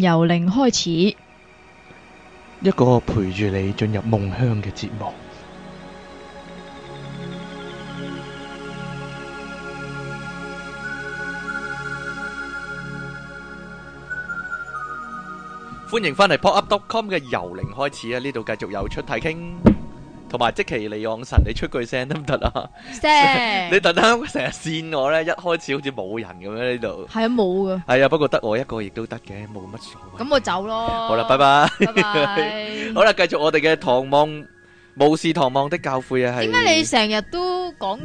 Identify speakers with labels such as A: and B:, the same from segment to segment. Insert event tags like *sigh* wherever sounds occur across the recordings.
A: 由零開
B: 始，一個陪住你進入夢鄉嘅節目。歡迎返嚟 pop up dot com 嘅由零開始啊！呢度繼續有出體傾。同埋即其利用神，你出句聲得唔得啊？的 *laughs* 你特登成日扇我咧，一開始好似冇人咁樣呢度。係啊，
A: 冇噶。
B: 係啊、哎，不過得我一個亦都得嘅，冇乜所
A: 謂。咁我走咯。好啦，
B: 拜拜。拜拜 *laughs* 好啦，繼續我哋嘅唐望巫士唐望的教誨啊。點解你
A: 成日都講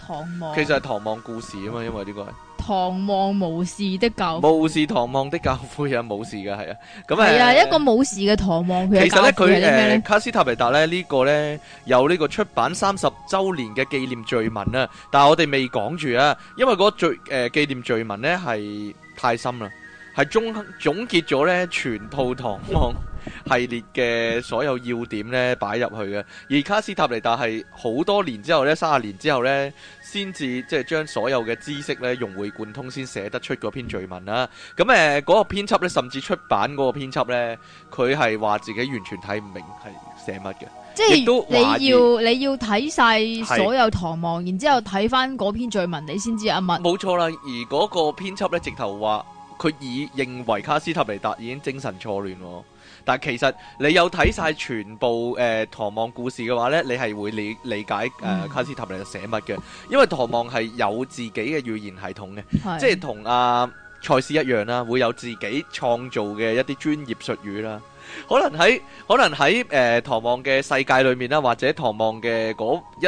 A: 唐望？其實
B: 係唐望故事啊嘛，因為呢個係。
A: 唐望巫士的教，巫士的教、啊，巫
B: 士唐望的教誨啊，巫士嘅係啊，咁係啊一個
A: 巫士嘅唐望，嗯、其實咧佢誒卡
B: 斯泰皮達咧呢、這個咧有呢個出版三十周年嘅紀念序文啊，但係我哋未講住啊，因為嗰序誒紀念序文咧係太深啦，係總總結咗咧全套唐望。 *laughs* 系列嘅所有要點咧擺入去嘅，而卡斯塔尼達係好多年之後咧，三十年之後咧，先至即係將所有嘅知識咧融會貫通，先寫得出嗰篇序文啦、啊。咁誒，嗰、呃那個編輯咧，甚至出版嗰個編輯咧，佢係話自己完全睇唔明係寫乜嘅，
A: 即係是你要你要睇晒所有唐望，是然之後睇翻嗰篇序文，你先知阿文
B: 冇錯啦。而嗰個編輯咧，直頭話佢已認為卡斯塔尼達已經精神錯亂。但其實你有睇晒全部誒、呃《唐望故事》嘅話呢，你係會理理解誒、呃、卡斯塔尼寫乜嘅，因為《唐望》係有自己嘅語言系統嘅，是即係同阿賽斯一樣啦，會有自己創造嘅一啲專業術語啦，可能喺可能喺誒、呃《唐望》嘅世界裏面啦，或者《唐望》嘅嗰一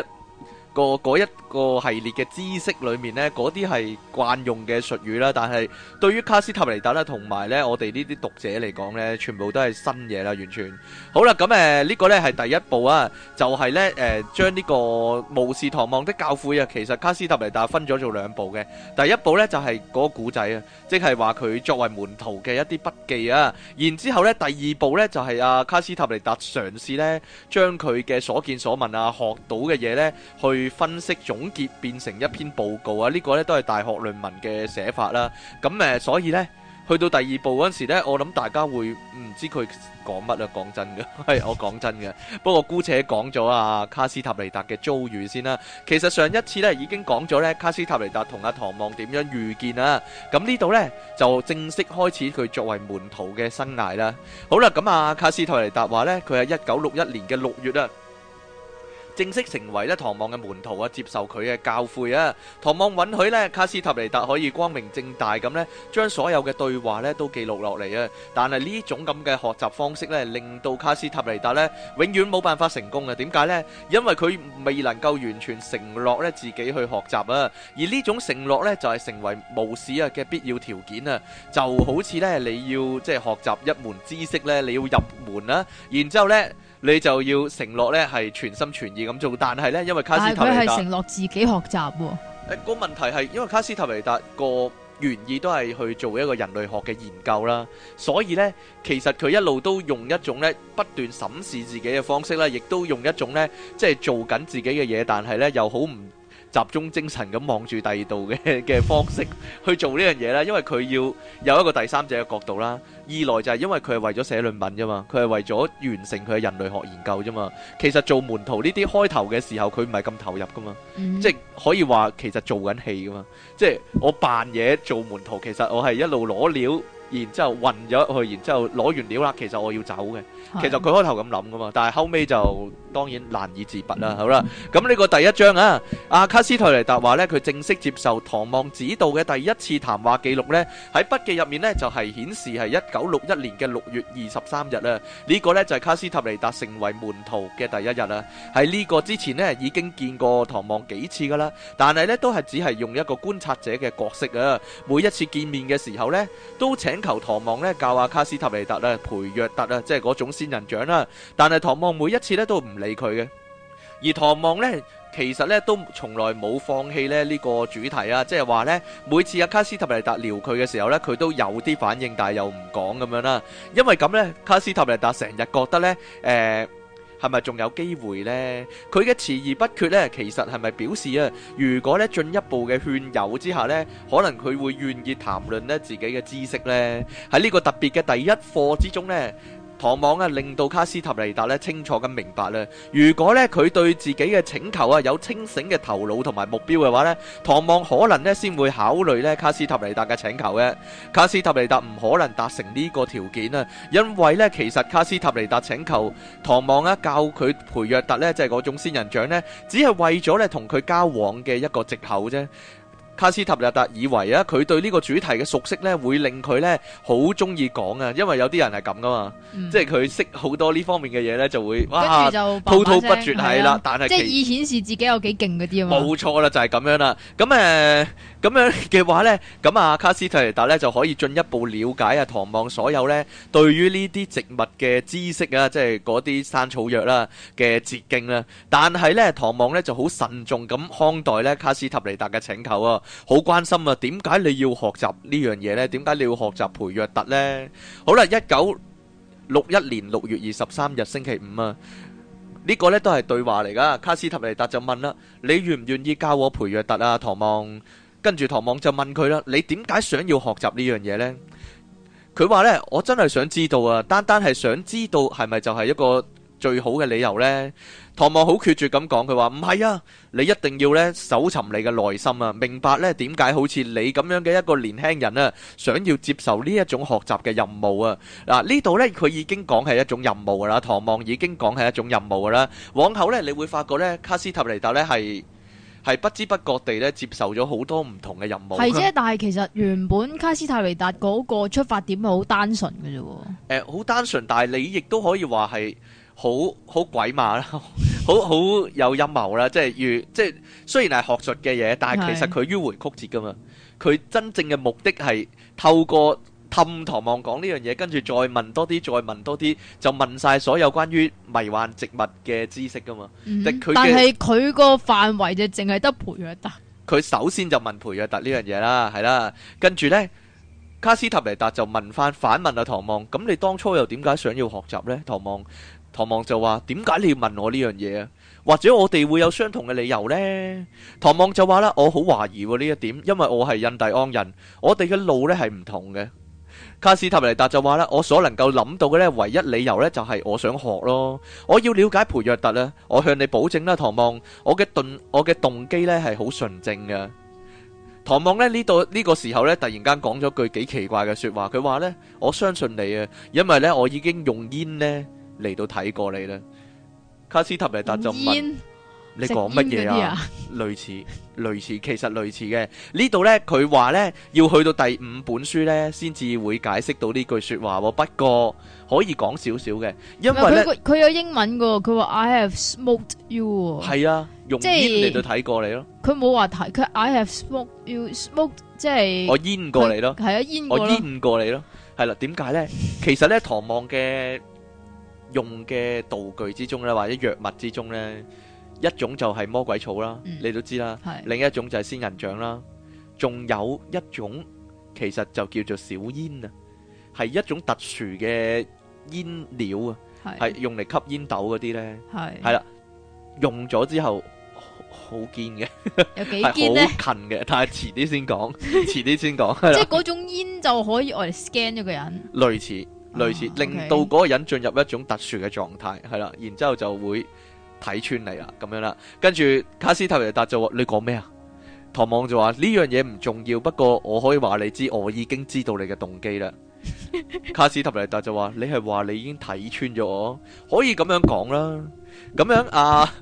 B: 個嗰一個系列嘅知識裏面咧，嗰啲係慣用嘅術語啦。但係對於卡斯塔尼達咧，同埋咧我哋呢啲讀者嚟講咧，全部都係新嘢啦，完全。好啦，咁誒呢個咧係第一部啊，就係咧誒將呢個巫士唐望的教誨啊。其實卡斯塔尼達分咗做兩部嘅，第一部咧就係嗰個古仔啊，即係話佢作為門徒嘅一啲筆記啊。然之後咧第二部咧就係阿卡斯塔尼達嘗試咧將佢嘅所見所聞啊，學到嘅嘢咧去。分析、總結變成一篇報告啊！呢個咧都係大學論文嘅寫法啦。咁誒，所以咧去到第二步嗰陣時咧，我諗大家會唔知佢講乜啦。講真嘅，係我講真嘅。不過姑且講咗啊，卡斯塔尼達嘅遭遇先啦。其實上一次咧已經講咗咧，卡斯塔尼達同阿唐望點樣遇見啦。咁呢度咧就正式開始佢作為門徒嘅生涯啦。好啦，咁啊，卡斯塔尼達話咧，佢係一九六一年嘅六月啊。正式成為咧唐望嘅門徒啊，接受佢嘅教誨啊。唐望允許咧，卡斯塔尼達可以光明正大咁咧，將所有嘅對話咧都記錄落嚟啊。但係呢種咁嘅學習方式咧，令到卡斯塔尼達咧永遠冇辦法成功啊。點解咧？因為佢未能夠完全承諾咧自己去學習啊。而呢種承諾咧，就係成為巫師啊嘅必要條件啊。就好似咧，你要即係學習一門知識咧，你要入門啦，然之後咧，你就要承諾咧係全心全意。咁做，但係呢，因為卡斯提尼達，係佢係承
A: 諾自己學習。誒、欸，
B: 個問題係因為卡斯特尼達個原意都係去做一個人類學嘅研究啦，所以呢，其實佢一路都用一種呢不斷審視自己嘅方式啦，亦都用一種呢即係做緊自己嘅嘢，但係呢又好唔集中精神咁望住第二度嘅嘅方式去做呢樣嘢啦，因為佢要有一個第三者嘅角度啦。二來就係因為佢係為咗寫論文啫嘛，佢係為咗完成佢嘅人類學研究啫嘛。其實做門徒呢啲開頭嘅時候，佢唔係咁投入噶嘛，mm-hmm。嘛，即係可以話其實做緊戲噶嘛，即係我扮嘢做門徒，其實我係一路攞料。然之後混咗去，然之後攞完料啦。其實我要走嘅，其實佢開頭咁諗噶嘛。但係後尾就當然難以自拔啦。好啦，咁呢個第一章啊，阿卡斯特尼達話咧，佢正式接受唐望指導嘅第一次談話記錄咧，喺筆記入面咧就係顯示係一九六一年嘅六月二十三日啦。呢個咧就係卡斯特尼達成為門徒嘅第一日啦。喺呢個之前咧已經見過唐望幾次噶啦，但係咧都係只係用一個觀察者嘅角色啊。每一次見面嘅時候咧，都請求唐望咧教阿卡斯塔尼達啦、培約達啦，即係嗰種仙人掌啦。但係唐望每一次咧都唔理佢嘅，而唐望咧其實咧都從來冇放棄咧呢個主題啊，即係話咧每次阿卡斯塔尼達撩佢嘅時候咧，佢都有啲反應，但係又唔講咁樣啦。因為咁咧，卡斯塔尼達成日覺得咧，誒。係咪仲有機會呢？佢嘅遲疑不決呢，其實係咪表示啊，如果呢進一步嘅勸誘之下呢，可能佢會願意談論呢自己嘅知識呢。喺呢個特別嘅第一課之中呢。唐望啊，令到卡斯塔尼達咧清楚咁明白咧。如果咧佢對自己嘅請求啊有清醒嘅頭腦同埋目標嘅話咧，唐望可能咧先會考慮咧卡斯塔尼達嘅請求嘅。卡斯塔尼達唔可能達成呢個條件啊，因為咧其實卡斯塔尼達請求唐望啊教佢培約達咧，即係嗰種仙人掌咧，只係為咗咧同佢交往嘅一個借口啫。卡斯塔尼達以為啊，佢對呢個主題嘅熟悉咧，會令佢咧好中意講啊，因為有啲人係咁噶嘛，嗯、即係佢識好多呢方面嘅嘢咧，就會哇滔滔不絕係啦。了但係即係以
A: 顯示自己有幾勁嗰啲啊嘛。冇
B: 錯啦，就係、是、咁樣啦。咁誒咁樣嘅話咧，咁啊卡斯塔尼達咧就可以進一步了解啊唐望所有咧對於呢啲植物嘅知識啊，即係嗰啲山草藥啦嘅捷徑啦。但係咧唐望咧就好慎重咁看待咧卡斯塔尼達嘅請求啊。好關心啊！點解你要學習呢樣嘢咧？點解你要學習培約特咧？好啦，一九六一年六月二十三日星期五啊，呢個咧都係對話嚟噶。卡斯塔尼達就問啦：你願唔願意教我培約特啊？唐望跟住唐望就問佢啦：你點解想要學習呢樣嘢咧？佢話咧：我真係想知道啊！單單係想知道係咪就係一個？最好嘅理由呢，唐望好決絕咁講，佢話唔係啊，你一定要咧搜尋你嘅內心啊，明白咧點解好似你咁樣嘅一個年輕人啊，想要接受呢一種學習嘅任務啊！嗱、啊，呢度呢，佢已經講係一種任務㗎啦，唐望已經講係一種任務㗎啦。往後呢，你會發覺呢，卡斯塔尼達呢係係不知不覺地咧接受咗好多唔同嘅任務。係啫，
A: 但係其實原本卡斯塔尼達嗰個出發點係好單純㗎啫喎。
B: 呃，好單純，但係你亦都可以話係。好好鬼馬啦，好好有陰謀啦，即係如即係雖然係學術嘅嘢，但係其實佢迂回曲折噶嘛。佢真正嘅目的係透過氹唐望講呢樣嘢，跟住再問多啲，再問多啲，就問晒所有關於迷幻植物嘅知識噶嘛。但係
A: 佢個範圍就淨係得培約達。
B: 佢首先就問培約達呢樣嘢啦，係啦，跟住呢，卡斯塔尼達就問翻反問阿唐望，咁你當初又點解想要學習呢，唐望？唐望就話：點解你要問我呢樣嘢啊？或者我哋會有相同嘅理由呢？」唐望就話啦：我好懷疑呢一點，因為我係印第安人，我哋嘅路呢係唔同嘅。卡斯塔尼達就話啦：我所能夠諗到嘅呢唯一理由呢，就係我想學咯，我要了解培約特呢，我向你保證啦，唐望，我嘅動我嘅動機呢係好純正嘅。唐望呢呢度呢個時候呢，突然間講咗句幾奇怪嘅説話，佢話呢，我相信你啊，因為呢我已經用煙呢。」嚟到睇過你咧，卡斯塔尼達就問：煙你講乜嘢啊？ *laughs* 類似、類似，其實類似嘅呢度咧，佢話咧要去到第五本書咧，先至會解釋到呢句説話喎。不過可以講少少嘅，因為
A: 佢有英文嘅，佢話 I have smoked you。係
B: 啊，用煙嚟到睇過你咯。
A: 佢冇話睇佢 I have smoked you smoked，即係我煙
B: 過你咯。係啊它，煙我煙過你咯。係啦，點解咧？ *laughs* 其實咧，唐望嘅。用嘅道具之中咧，或者藥物之中咧，一種就係魔鬼草啦，你都知啦。另一種就係仙人掌啦，仲有一種其實就叫做小煙啊，係一種特殊嘅煙料啊，係用嚟吸煙斗嗰啲咧，係啦，用咗之後好堅嘅，係有幾好近嘅，但係遲啲先講，遲啲先講，即係嗰
A: 種煙就可以攞嚟 scan 咗個人，
B: 類似。類似令到嗰個人進入一種特殊嘅狀態，係啦，然之後就會睇穿你啦，咁樣啦，跟住卡斯特雷達就話：你講咩啊？唐望就話：呢樣嘢唔重要，不過我可以話你知，我已經知道你嘅動機啦。 *laughs* 卡斯特雷達就話：你係話你已經睇穿咗我？可以咁樣講啦。咁樣啊，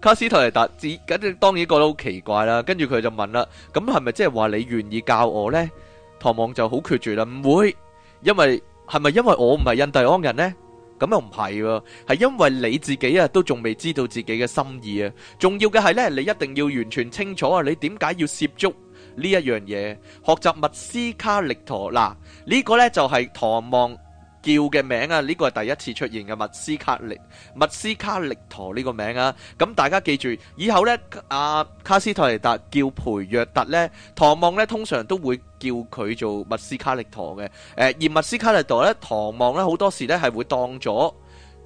B: 卡斯特雷達只，反正當然覺得好奇怪啦。跟住佢就問啦：咁係咪即係話你願意教我呢？唐望就好決絕啦，唔會，因為。係咪因為我唔係印第安人呢？咁又唔係喎，係因為你自己啊，都仲未知道自己嘅心意啊。重要嘅係呢，你一定要完全清楚啊，你點解要涉足呢一樣嘢？學習密斯卡力陀嗱呢個呢，就係唐望，叫嘅名啊，呢個係第一次出現嘅，密斯卡力、密斯卡力陀呢個名啊。咁大家記住，以後咧，阿、啊、卡斯托尼達叫培若特咧，唐望咧通常都會叫佢做密斯卡力陀嘅。誒、呃，而密斯卡力陀咧，唐望咧好多時咧係會當咗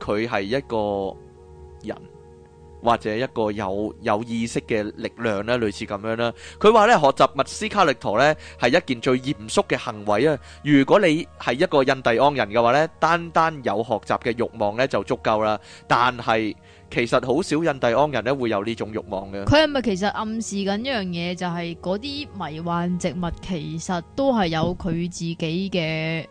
B: 佢係一個人。或者一個有有意識嘅力量咧，類似咁樣啦。佢話咧，學習密斯卡力陀咧係一件最嚴肅嘅行為啊！如果你係一個印第安人嘅話咧，單單有學習嘅慾望咧就足夠啦。但係其實好少印第安人咧會有呢種慾望嘅。佢係
A: 咪其實暗示緊一樣嘢，就係嗰啲迷幻植物其實都係有佢自己嘅，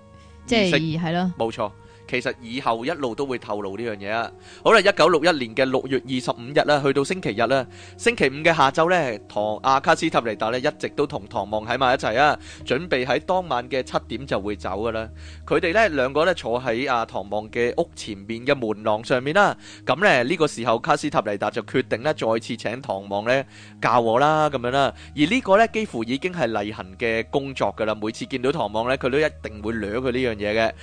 B: 即係意識？係咯，冇錯。其實以後一路都會透露呢樣嘢啊！好啦，一九六一年嘅六月二十五日啦，去到星期日啦，星期五嘅下晝呢，唐阿、啊、卡斯塔尼達呢一直都同唐望喺埋一齊啊，準備喺當晚嘅七點就會走噶啦。佢哋呢兩個呢坐喺阿、啊、唐望嘅屋前面嘅門廊上面啦。咁呢，呢、這個時候卡斯塔尼達就決定呢再次請唐望呢教我啦咁樣啦。而呢個呢幾乎已經係例行嘅工作噶啦，每次見到唐望呢，佢都一定會撩佢呢樣嘢嘅。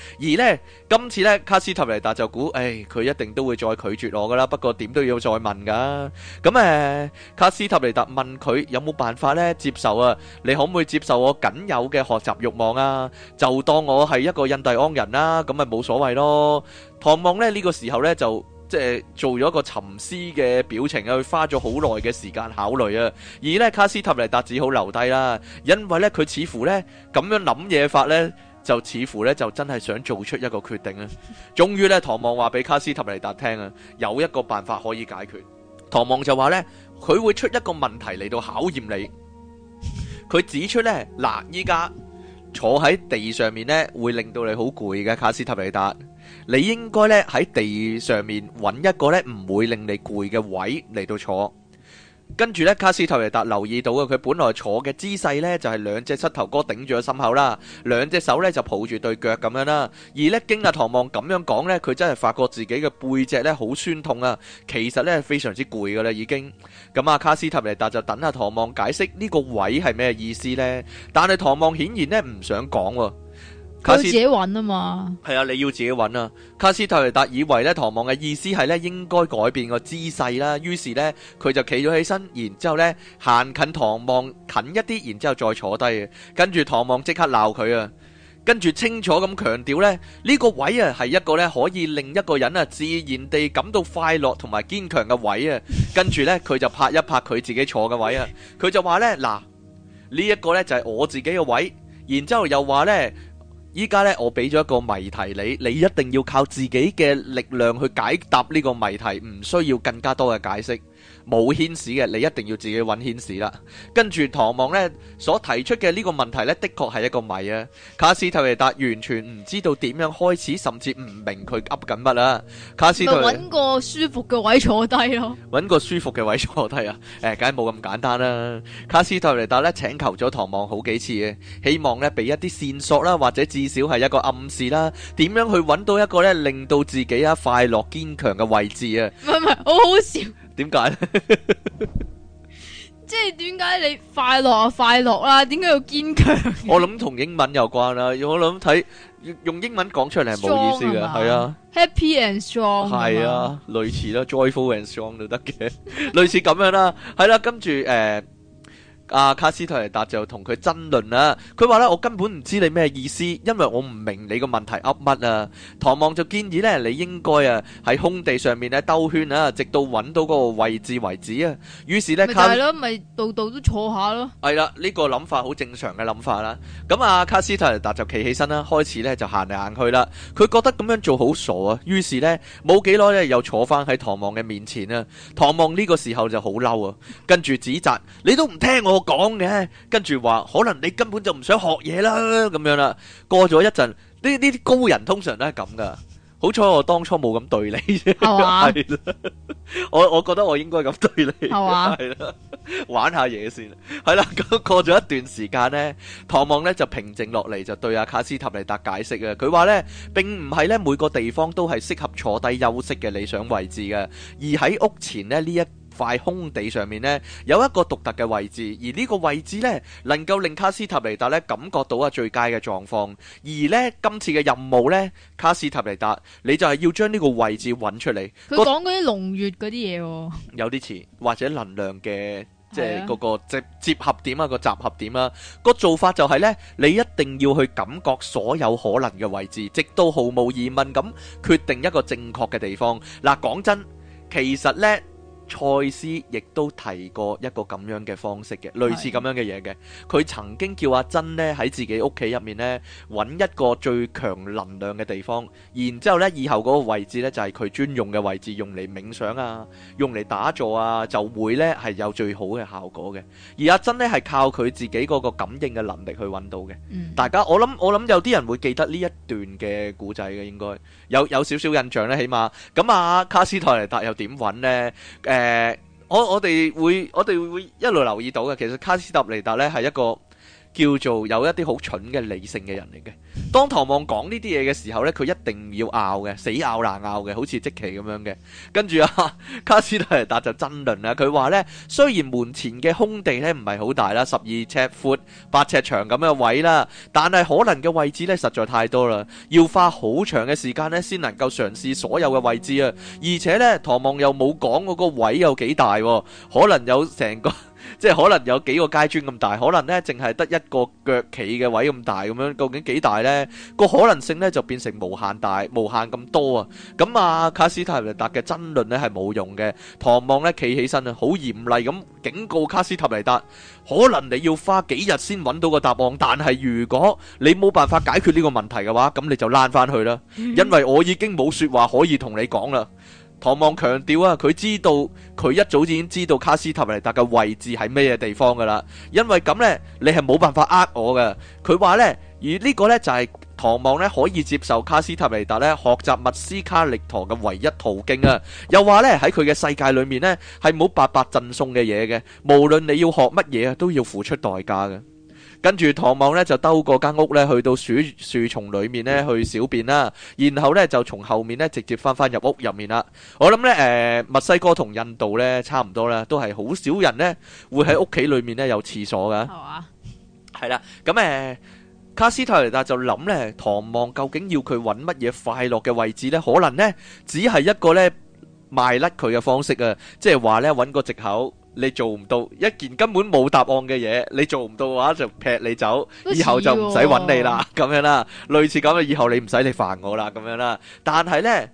B: 而呢。今次。而咧卡斯塔尼達就估，誒、哎、佢一定都會再拒絕我噶啦，不過點都要再問噶。咁、嗯、誒，卡斯塔尼達問佢有冇辦法咧接受啊？你可唔可以接受我僅有嘅學習欲望啊？就當我係一個印第安人啦、啊，咁咪冇所謂咯。唐望咧呢、這個時候咧就即係做咗個沉思嘅表情啊，佢花咗好耐嘅時間考慮啊。而咧卡斯塔尼達只好留低啦，因為咧佢似乎咧咁樣諗嘢法咧。就似乎咧，就真係想做出一個決定啊！終於咧，唐望話俾卡斯塔尼達聽啊，有一個辦法可以解決。唐望就話咧，佢會出一個問題嚟到考驗你。佢指出咧，嗱，依家坐喺地上面咧，會令到你好攰嘅。卡斯塔尼達，你應該咧喺地上面揾一個咧唔會令你攰嘅位嚟到坐。跟住咧，卡斯特尼達留意到啊，佢本來坐嘅姿勢咧就係兩隻膝頭哥頂住個心口啦，兩隻手咧就抱住對腳咁樣啦。而咧經阿唐望咁樣講咧，佢真係發覺自己嘅背脊咧好酸痛啊。其實咧非常之攰噶啦已經。咁、嗯、啊，卡斯特尼達就等阿唐望解釋呢個位係咩意思咧。但係唐望顯然咧唔想講。佢要自己
A: 揾啊嘛，
B: 係啊，你要自己揾啊。卡斯特雷達以為咧，唐望嘅意思係咧，應該改變個姿勢啦。於是咧，佢就企咗起身，然之後咧，行近唐望近一啲，然之後再坐低嘅。跟住唐望即刻鬧佢啊，跟住清楚咁強調咧，呢個位啊係一個咧可以令一個人啊自然地感到快樂同埋堅強嘅位啊。跟住咧，佢就拍一拍佢自己坐嘅位啊，佢 *laughs* 就話咧，嗱，呢一個咧就係我自己嘅位，然之後又話咧。這個而家咧，我俾咗一個謎題你，你一定要靠自己嘅力量去解答呢個謎題，唔需要更加多嘅解釋。冇牽絲嘅，你一定要自己揾牽絲啦。跟住唐望呢所提出嘅呢個問題呢，的確係一個謎啊！卡斯特利達完全唔知道點樣開始，甚至唔明佢噏緊乜啦！卡斯特唔係搵
A: 個舒服嘅位坐低咯，
B: 搵個舒服嘅位坐低啊！誒，梗係冇咁簡單啦！卡斯特利達、欸啊、呢請求咗唐望好幾次嘅、啊，希望呢俾一啲線索啦，或者至少係一個暗示啦，點樣去揾到一個呢令到自己啊快樂堅強嘅位置啊！唔係唔係，好好笑。點解？
A: 即係點解你快樂啊？快樂啦，點解要堅強？
B: 我諗同英文有關啦。要我諗睇用英文講出嚟係冇意思嘅。係啊
A: ，Happy and strong。係啊，
B: 類似啦，Joyful and strong 都得嘅，類似咁樣啦。係啦，跟住誒。阿、啊、卡斯特尼達就同佢爭論啦、啊，佢話咧我根本唔知你咩意思，因為我唔明你個問題噏乜啊。唐望就建議咧，你應該啊喺空地上面咧兜圈啊，直到揾到個位置為止啊。於是咧咪係咯，
A: 咪是卡、啊、度度都坐下咯。
B: 係啦、啊，呢、這個諗法好正常嘅諗法啦。咁、啊、阿卡斯特尼達就企起身啦、啊，開始咧就行嚟行去啦。佢覺得咁樣做好傻啊，於是咧冇幾耐咧又坐翻喺唐望嘅面前啊，唐望呢個時候就好嬲啊，跟住指責你都唔聽我。講嘅，跟住話可能你根本就唔想學嘢啦，咁樣啦。過咗一陣，呢呢啲高人通常都係咁噶。好彩我當初冇咁對你，係嘛？我我覺得我應該咁對你，係嘛？係啦，玩下嘢先。係啦，過咗一段時間呢，唐望呢就平靜落嚟，就對阿卡斯塔尼達解釋啊。佢話呢，並唔係呢每個地方都係適合坐低休息嘅理想位置嘅，而喺屋前呢呢一。塊空地上面呢，有一個獨特嘅位置，而呢個位置呢，能夠令卡斯塔尼達呢感覺到啊最佳嘅狀況。而呢，今次嘅任務呢，卡斯塔尼達你就係要將呢個位置揾出嚟。
A: 佢講嗰啲龍穴嗰啲嘢，
B: 有啲似或者能量嘅，即係嗰個接合點啊，個集合點啊。個做法就係呢，你一定要去感覺所有可能嘅位置，直到毫無疑問咁決定一個正確嘅地方。嗱、啊，講真，其實呢。賽斯亦都提過一個咁樣嘅方式嘅，類似咁樣嘅嘢嘅。佢 *noise* 曾經叫阿珍呢喺自己屋企入面呢揾一個最強能量嘅地方，然之後呢以後嗰個位置呢，就係、是、佢專用嘅位置，用嚟冥想啊，用嚟打坐啊，就會呢係有最好嘅效果嘅。而阿珍呢，係靠佢自己嗰個感應嘅能力去揾到嘅。 *noise* 大家我諗我諗有啲人會記得呢一段嘅古仔嘅，應該有有,有少,少少印象呢。起碼。咁阿、啊、卡斯泰尼達又點揾呢？呃誒、嗯，我我哋會我哋會一路留意到嘅。其實卡斯特尼達咧係一個。叫做有一啲好蠢嘅理性嘅人嚟嘅。當唐望講呢啲嘢嘅時候呢，佢一定要拗嘅，死拗爛拗嘅，好似積奇咁樣嘅。跟住啊，卡斯泰達就爭論啦。佢話呢，雖然門前嘅空地呢唔係好大啦，十二尺闊、八尺長咁嘅位啦，但係可能嘅位置呢實在太多啦，要花好長嘅時間呢先能夠嘗試所有嘅位置啊。而且呢，唐望又冇講嗰個位有幾大，可能有成個。即係可能有幾個階磚咁大，可能呢淨係得一個腳企嘅位咁大，咁樣究竟幾大呢？個可能性呢，就變成無限大、無限咁多啊！咁啊，卡斯塔尼達嘅爭論呢，係冇用嘅。唐望呢，企起身啊，好嚴厲咁警告卡斯塔尼達：可能你要花幾日先揾到個答案，但係如果你冇辦法解決呢個問題嘅話，咁你就爛翻去啦。因為我已經冇說話可以同你講啦。唐望強調啊，佢知道佢一早已經知道卡斯塔尼達嘅位置喺咩嘢地方噶啦，因為咁呢，你係冇辦法呃我嘅。佢話呢，而呢個呢，就係唐望呢可以接受卡斯塔尼達呢學習密斯卡力陀嘅唯一途徑啊。又話呢，喺佢嘅世界裏面呢，係冇白白贈送嘅嘢嘅，無論你要學乜嘢啊都要付出代價嘅。跟住唐望咧就兜過間屋咧，去到樹樹叢裏面咧去小便啦，然後咧就從後面咧直接翻翻入屋入面啦。我諗咧誒，墨西哥同印度咧差唔多啦，都係好少人咧會喺屋企裏面咧有廁所噶。係啦，咁誒，卡斯泰尼達就諗咧，唐望究竟要佢搵乜嘢快樂嘅位置咧？可能咧只係一個咧賣甩佢嘅方式啊，即係話咧搵個借口。你做唔到一件根本冇答案嘅嘢，你做唔到嘅話就劈你走，以後就唔使揾你啦，咁樣啦，類似咁嘅，以後你唔使你煩我啦，咁樣啦。但係呢，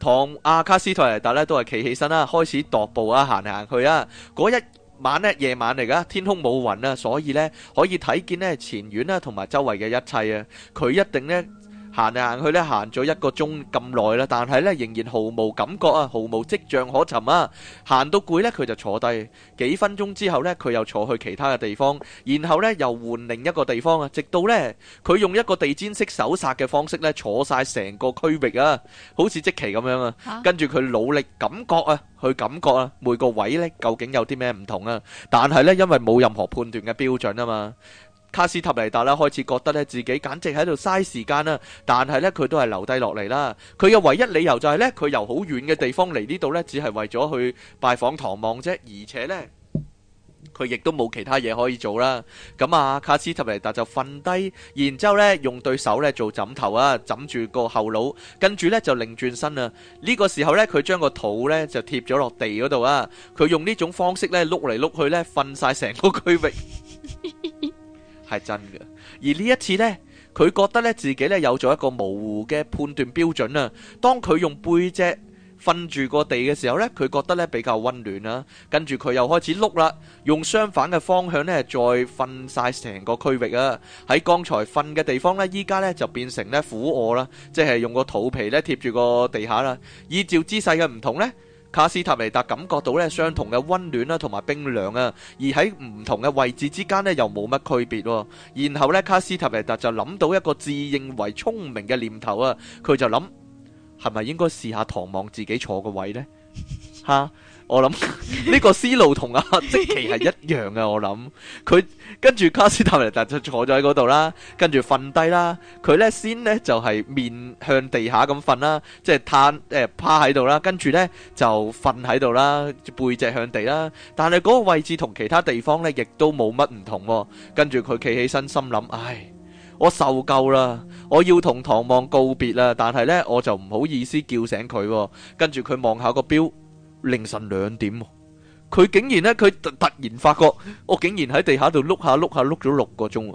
B: 唐阿卡斯托尼達呢，都係企起身啦，開始踱步啊，行行去啊。嗰一晚呢，夜晚嚟噶，天空冇雲啊，所以呢，可以睇見呢前院啦，同埋周圍嘅一切啊。佢一定呢。行嚟行去咧，行咗一個鐘咁耐啦，但係咧仍然毫無感覺啊，毫無跡象可尋啊。行到攰咧，佢就坐低。幾分鐘之後咧，佢又坐去其他嘅地方，然後咧又換另一個地方啊。直到咧佢用一個地毯式搜索嘅方式咧，坐晒成個區域啊，好似積奇咁樣啊。跟住佢努力感覺啊，去感覺啊，每個位咧究竟有啲咩唔同啊。但係咧，因為冇任何判斷嘅標準啊嘛。卡斯塔尼達啦，開始覺得咧自己簡直喺度嘥時間啦。但係咧，佢都係留低落嚟啦。佢嘅唯一理由就係咧，佢由好遠嘅地方嚟呢度咧，只係為咗去拜訪唐望啫。而且呢，佢亦都冇其他嘢可以做啦。咁啊，卡斯塔尼達就瞓低，然之後咧用對手咧做枕頭啊，枕住個後腦，跟住呢就擰轉身啊。呢個時候呢，佢將個肚呢就貼咗落地嗰度啊。佢用呢種方式呢，碌嚟碌去呢，瞓晒成個區域。係真嘅，而呢一次呢，佢覺得咧自己咧有咗一個模糊嘅判斷標準啊。當佢用背脊瞓住個地嘅時候呢，佢覺得咧比較溫暖啦。跟住佢又開始碌啦，用相反嘅方向呢，再瞓晒成個區域啊。喺剛才瞓嘅地方呢，依家呢就變成咧俯臥啦，即係用個肚皮咧貼住個地下啦。依照姿勢嘅唔同呢。卡斯塔尼達感覺到呢，相同嘅溫暖啦，同埋冰涼啊，而喺唔同嘅位置之間呢又冇乜區別。然後呢，卡斯塔尼達就諗到一個自認為聰明嘅念頭啊，佢就諗係咪應該試下唐望自己坐個位呢？吓？我諗呢，這個思路同阿即奇係一樣嘅，我諗佢跟住卡斯塔尼達就坐咗喺嗰度啦，跟住瞓低啦。佢咧先咧就係、是、面向地下咁瞓啦，即係攤誒趴喺度啦，跟住咧就瞓喺度啦，背脊向地啦。但係嗰個位置同其他地方咧，亦都冇乜唔同，哦。跟住佢企起身，心諗：唉，我受夠啦，我要同唐望告別啦。但係咧，我就唔好意思叫醒佢，哦。跟住佢望下個錶。凌晨兩點，佢竟然咧，佢突突然發覺，我竟然喺地下度碌下碌下碌咗六個鐘。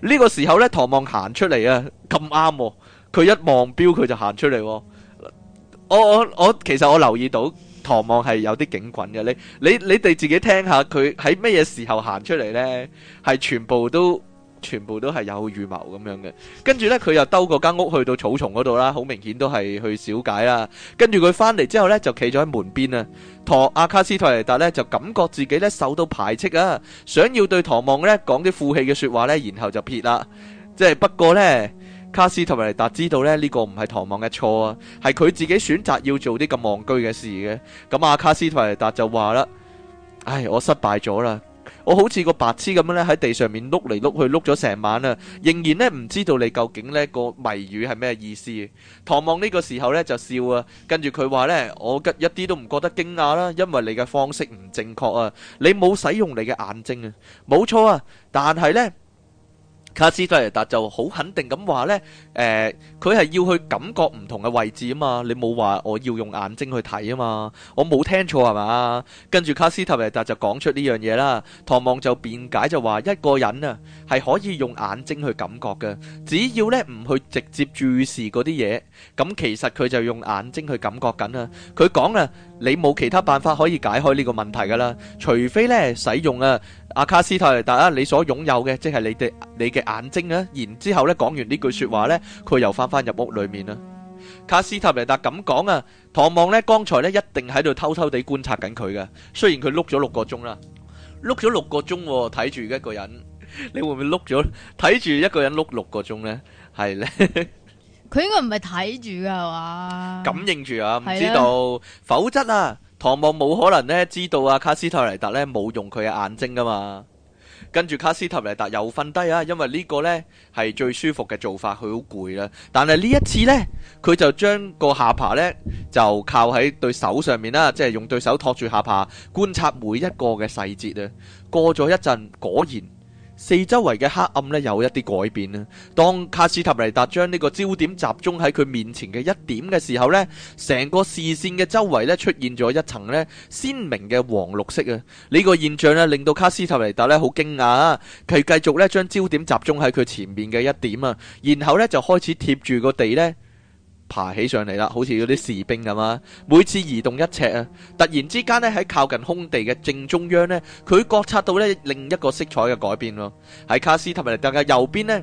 B: 呢 *laughs* 個時候咧，唐望行出嚟啊，咁啱，佢一望表佢就行出嚟。我我我，其實我留意到唐望係有啲警棍嘅，你你你哋自己聽下，佢喺咩嘢時候行出嚟咧？係全部都。全部都係有預謀咁樣嘅，跟住呢，佢又兜過間屋去到草叢嗰度啦，好明顯都係去小解啦。跟住佢翻嚟之後呢，就企咗喺門邊啊。唐阿卡斯托尼達呢，就感覺自己呢受到排斥啊，想要對唐望呢講啲負氣嘅說話呢，然後就撇啦。即係不過呢，卡斯托尼達知道呢，呢個唔係唐望嘅錯啊，係佢自己選擇要做啲咁戇居嘅事嘅。咁阿卡斯托尼達就話啦，唉，我失敗咗啦。我好似個白痴咁樣咧喺地上面碌嚟碌去碌咗成晚啊，仍然咧唔知道你究竟呢個謎語係咩意思。唐望呢個時候咧就笑啊，跟住佢話咧我一啲都唔覺得驚訝啦，因為你嘅方式唔正確啊，你冇使用你嘅眼睛啊，冇錯啊，但係咧。卡斯特爾達就好肯定咁話呢，誒、呃，佢係要去感覺唔同嘅位置啊嘛，你冇話我要用眼睛去睇啊嘛，我冇聽錯係嘛？跟住卡斯特爾達就講出呢樣嘢啦，唐望就辯解就話一個人啊係可以用眼睛去感覺嘅，只要呢唔去直接注視嗰啲嘢，咁其實佢就用眼睛去感覺緊啊。佢講啊。你冇其他辦法可以解開呢個問題㗎啦，除非咧使用啊阿卡斯塔尼達啊你所擁有嘅，即係你哋你嘅眼睛啊。然之後咧講完呢句說話咧，佢又返返入屋裏面啦。卡斯塔尼達咁講啊，唐望咧，剛才咧一定喺度偷偷地觀察緊佢嘅。雖然佢碌咗六個鐘啦，碌咗六個鐘睇住一個人，你會唔會碌咗睇住一個人碌六個鐘咧？係咧。
A: 佢應該唔係睇住噶，係嘛？
B: 感應住啊！唔知道， *music* 否則啊，唐望冇可能咧知道啊。卡斯塔尼達咧冇用佢嘅眼睛㗎嘛。跟住卡斯塔尼達又瞓低啊，因為呢個呢係最舒服嘅做法，佢好攰啦。但係呢一次呢，佢就將個下巴呢，就靠喺對手上面啦，啊，即係用對手托住下巴，觀察每一個嘅細節啊。過咗一陣，果然。四周圍嘅黑暗咧有一啲改變啦。當卡斯塔尼達將呢個焦點集中喺佢面前嘅一點嘅時候呢，成個視線嘅周圍呢，出現咗一層呢鮮明嘅黃綠色啊！呢個現象呢令到卡斯塔尼達呢好驚訝啊！佢繼續呢將焦點集中喺佢前面嘅一點啊，然後呢就開始貼住個地呢。爬起上嚟啦，好似嗰啲士兵咁啊！每次移動一尺啊，突然之間呢，喺靠近空地嘅正中央呢，佢覺察到呢另一個色彩嘅改變咯。喺卡斯特米特嘅右邊呢，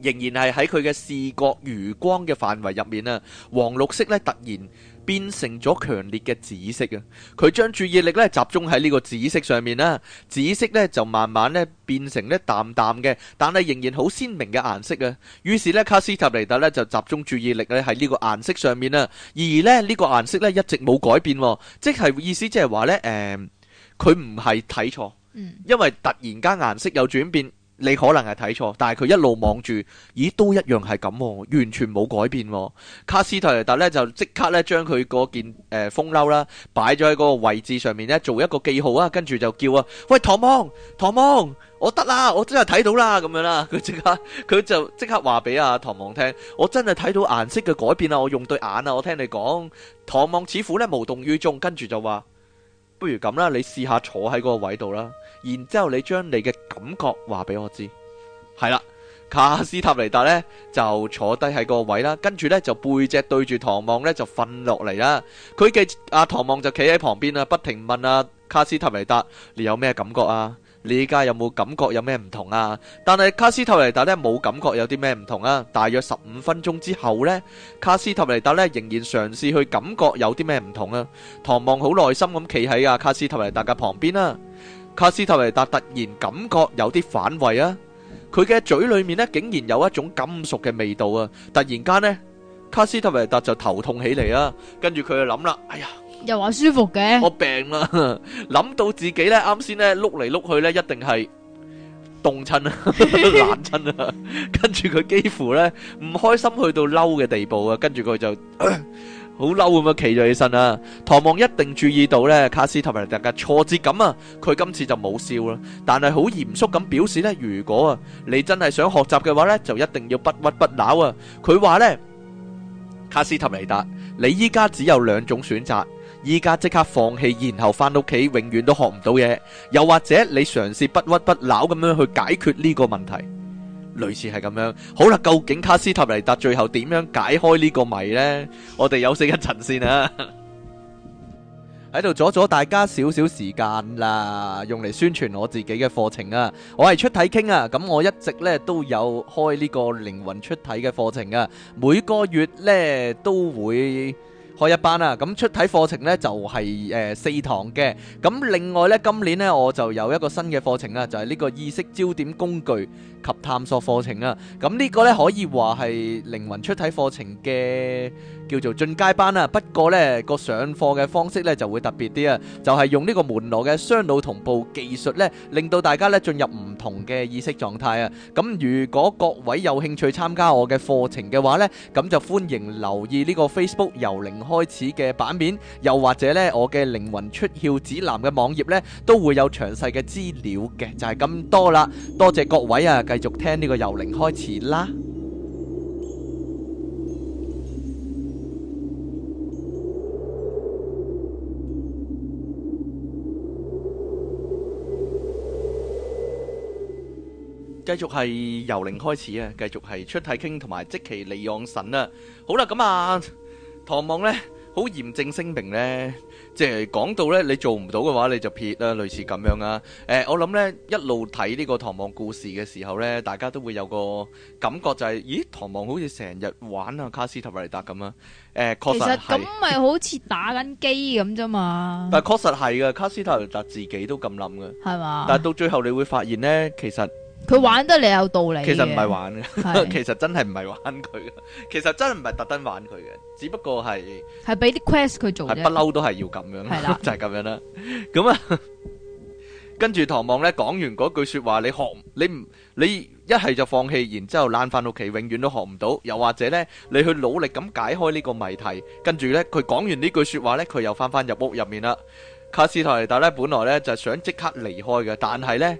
B: 仍然係喺佢嘅視覺餘光嘅範圍入面啊，黃綠色呢，突然。變成咗強烈嘅紫色啊！佢將注意力咧集中喺呢個紫色上面啦，紫色咧就慢慢咧變成咧淡淡嘅，但係仍然好鮮明嘅顏色啊！於是咧卡斯塔尼特咧就集中注意力咧喺呢個顏色上面啦，而咧呢、呢個顏色咧一直冇改變，即係意思即係話咧，誒、呃，佢唔係睇錯，因為突然間顏色有轉變。你可能係睇錯，但係佢一路望住，咦都一樣係咁喎，完全冇改變。啊，卡斯特列達咧就即刻咧將佢嗰件誒風褸啦擺咗喺嗰個位置上面呢做一個記號啊，跟住就叫啊，喂唐望，唐望，我得啦，我真係睇到啦咁樣啦，佢即刻佢就即刻話俾阿唐望聽，我真係睇到顏色嘅改變啦，我用對眼啊，我聽你講，唐望似乎呢無動於衷，跟住就話。不如咁啦，你試下坐喺嗰個位度啦，然之後你將你嘅感覺話俾我知。係啦，卡斯塔尼達呢，就坐低喺個位啦，跟住呢，就背脊對住唐望呢，就瞓落嚟啦。佢嘅阿唐望就企喺旁邊啊，不停問阿、啊、卡斯塔尼達，你有咩感覺啊？你依家有冇感覺有咩唔同啊？但係卡斯特尼達呢，冇感覺有啲咩唔同啊。大約十五分鐘之後呢，卡斯特尼達呢，仍然嘗試去感覺有啲咩唔同啊。唐望好耐心咁企喺阿卡斯特尼達嘅旁邊啊。卡斯特尼達突然感覺有啲反胃啊，佢嘅嘴裏面呢，竟然有一種金屬嘅味道啊！突然間呢，卡斯特尼達就頭痛起嚟啊！跟住佢就諗啦，哎呀
A: ～又話舒服嘅，
B: 我病啦，諗到自己咧，啱先咧，碌嚟碌去咧，一定係凍親啊，懶親啊，跟住佢幾乎咧唔開心去到嬲嘅地步啊，跟住佢就好嬲咁樣啊，企咗起身啦。唐望一定注意到咧，卡斯塔尼達嘅挫折感啊，佢今次就冇笑啦，但係好嚴肅咁表示咧，如果啊你真係想學習嘅話咧，就一定要不屈不撓啊。佢話咧，卡斯塔尼達，你依家只有兩種選擇。依家即刻放棄，然後翻屋企，永遠都學唔到嘢。又或者你嘗試不屈不撓咁樣去解決呢個問題，類似係咁樣。好啦，究竟卡斯塔尼達最後點樣解開呢個謎呢？我哋休息一陣先啊！喺度 *laughs* 阻咗大家少少時間啦，用嚟宣傳我自己嘅課程啊！我係出體傾啊，咁我一直呢都有開呢個靈魂出體嘅課程啊，每個月呢都會。開一班啦，咁出體課程呢，就係、是、誒、呃、四堂嘅，咁另外呢，今年呢，我就有一個新嘅課程啦、啊，就係、是、呢個意識焦點工具及探索課程啊，咁呢個呢，可以話係靈魂出體課程嘅。叫做進階班啊，不過呢個上課嘅方式呢就會特別啲啊，就係用呢個門羅嘅雙腦同步技術呢，令到大家呢進入唔同嘅意識狀態啊。咁如果各位有興趣參加我嘅課程嘅話呢，咁就歡迎留意呢個 Facebook 由零開始嘅版面，又或者呢我嘅靈魂出竅指南嘅網頁呢都會有詳細嘅資料嘅，就係咁多啦。多謝各位啊，繼續聽呢個由零開始啦。繼續係由零開始啊！繼續係出體傾同埋即其利用神啦、啊。好啦，咁啊，唐望咧好嚴正聲明咧，即係講到咧你做唔到嘅話，你就撇啦，類似咁樣啊。誒、呃，我諗咧一路睇呢個唐望故事嘅時候咧，大家都會有個感覺就係、是，咦，唐望好似成日玩啊卡斯塔利達咁啊。誒，其實咁
A: 咪好似打緊機咁啫嘛。但
B: 係確實係嘅，卡斯塔利達自己都咁諗嘅，係嘛嗎？但係到最後你會發現咧，其實。
A: 佢玩得你有道理，其實唔係玩嘅是，其
B: 實真係唔係玩佢，其實真係唔係特登玩佢嘅，只不過係
A: 係俾啲 quest 佢做啫，不嬲都
B: 係要咁樣，係啦的， *laughs* 就係咁這樣啦。咁 *laughs* 啊、嗯， *laughs* 跟住唐望呢講完嗰句說話，你學你唔你一係就放棄，然之後爛返屋企，永遠都學唔到，又或者呢，你去努力咁解開呢個謎題，跟住呢，佢講完呢句說話呢，佢又翻翻入屋入面啦。卡斯塔尼達呢，本來呢就是、想即刻離開嘅，但係呢。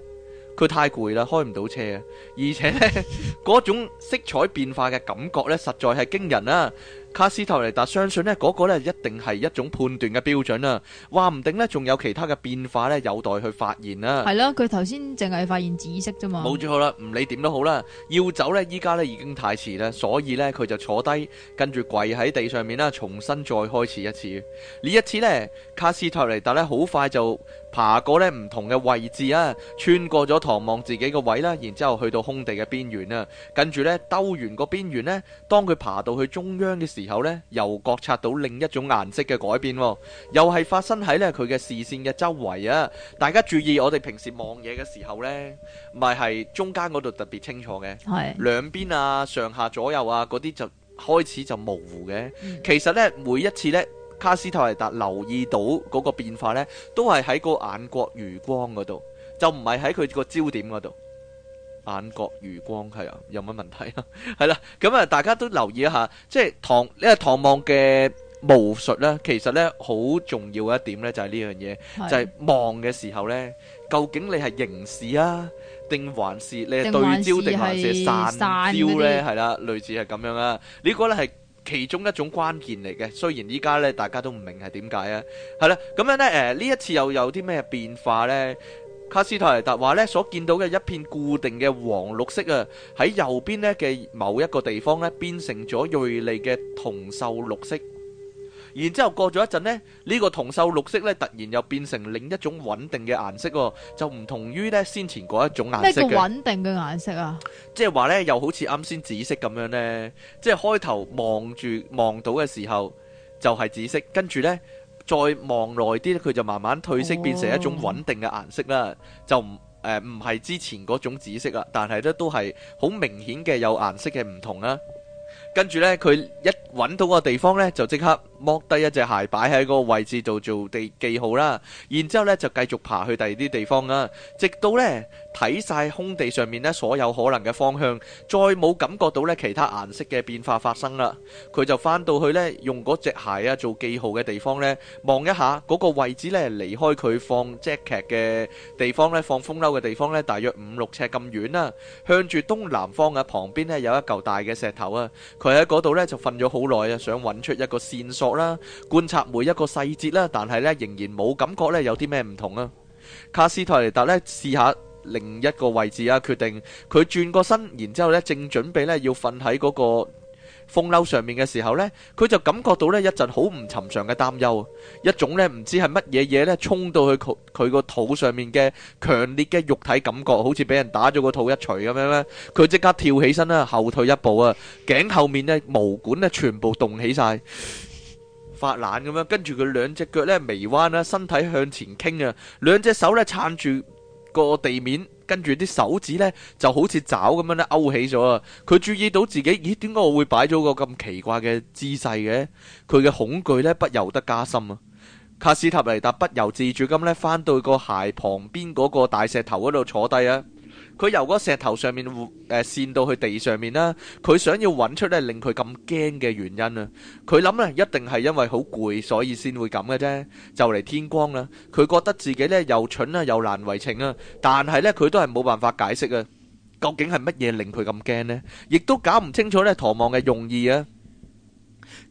B: 佢太攰啦，開唔到車啊！而且呢，嗰 *laughs* 種色彩變化嘅感覺呢，實在係驚人啦、啊！卡斯托尼達相信呢，嗰個呢一定係一種判斷嘅標準啦、啊，話唔定呢，仲有其他嘅變化呢有待去發現啦、啊。係
A: 啦、啊，佢頭先淨係發現紫色啫嘛。冇
B: 錯啦，唔理點都好啦，要走呢，依家呢已經太遲啦，所以呢，佢就坐低，跟住跪喺地上面啦，重新再開始一次。呢一次呢，卡斯托尼達呢，好快就。爬過咧唔同嘅位置啊，穿過咗唐望自己個位啦，然之後去到空地嘅邊緣啊，跟住呢，兜完個邊緣呢，當佢爬到去中央嘅時候呢，又覺察到另一種顏色嘅改變，又係發生喺呢佢嘅視線嘅周圍啊！大家注意，我哋平時望嘢嘅時候呢，咪係中間嗰度特別清楚嘅，是兩邊啊、上下左右啊嗰啲就開始就模糊嘅。嗯、其實呢，每一次呢。卡斯泰維達留意到嗰個變化咧，都係喺個眼角餘光嗰度，就唔係喺佢個焦點嗰度。眼角餘光係啊，有乜問題啊？係啦，咁啊，大家都留意一下，即係唐，呢個唐望嘅巫術咧，其實咧好重要一點咧，就係呢樣嘢，就係望嘅時候咧，究竟你係凝視啊，定還是你係對焦，定還是散焦咧？係啦，類似係咁樣啦。呢個咧係。其中一種關鍵嚟嘅，雖然依家咧大家都唔明係點解啊，係啦，咁樣咧誒呢、呃、一次又有啲咩變化呢？卡斯泰尼達話咧，所見到嘅一片固定嘅黃綠色啊，喺右邊咧嘅某一個地方咧變成咗鋭利嘅銅銹綠色。然之後過咗一陣咧，呢個銅銹綠色咧，突然又變成另一種穩定嘅顏色，就唔同於咧先前嗰一種顏色嘅穩
A: 定嘅顏色啊。
B: 即係話咧，又好似啱先紫色咁樣咧，即係開頭望住望到嘅時候就係紫色，跟住咧再望耐啲咧，佢就慢慢褪色，變成一種穩定嘅顏色啦。就唔誒唔係之前嗰種紫色啦，但係咧都係好明顯嘅有顏色嘅唔同啦。跟住咧，佢一揾到個地方咧，就即刻。剝低一隻鞋，擺喺嗰個位置度做地記號啦。然之後咧就繼續爬去第二啲地方啊，直到呢睇晒空地上面呢所有可能嘅方向，再冇感覺到呢其他顏色嘅變化發生啦。佢就翻到去呢用嗰隻鞋啊，做記號嘅地方呢，望一下嗰個位置呢離開佢放 Jacket 嘅地方呢，放風褸嘅地方呢，大約五六尺咁遠啦，向住東南方嘅旁邊呢有一嚿大嘅石頭啊，佢喺嗰度呢就瞓咗好耐啊，想揾出一個線索。啦，觀察每一個細節啦，但係咧仍然冇感覺咧，有啲咩唔同啊。卡斯泰尼達咧試下另一個位置啊，決定佢轉過身，然之後咧正準備咧要瞓喺嗰個風褸上面嘅時候咧，佢就感覺到咧一陣好唔尋常嘅擔憂，一種咧唔知係乜嘢嘢咧衝到去佢佢個肚上面嘅強烈嘅肉體感覺，好似俾人打咗個肚一錘咁樣咧。佢即刻跳起身啦，後退一步啊，頸後面咧毛管咧全部凍起晒。發懶咁樣，跟住佢兩隻腳咧微彎啦，身體向前傾啊，兩隻手咧撐住個地面，跟住啲手指咧就好似爪咁樣咧勾起咗啊！佢注意到自己，咦？點解我會擺咗個咁奇怪嘅姿勢嘅？佢嘅恐懼咧不由得加深啊！卡斯塔尼達不由自主咁咧翻到個鞋旁邊嗰個大石頭嗰度坐低啊！佢由嗰石頭上面誒、呃、跣到去地上面啦，佢想要揾出咧令佢咁驚嘅原因啊。佢諗咧一定係因為好攰，所以先會咁嘅啫。就嚟天光啦，佢覺得自己咧又蠢啊，又難為情啊。但係咧佢都係冇辦法解釋啊。究竟係乜嘢令佢咁驚呢？亦都搞唔清楚咧，唐望嘅用意啊！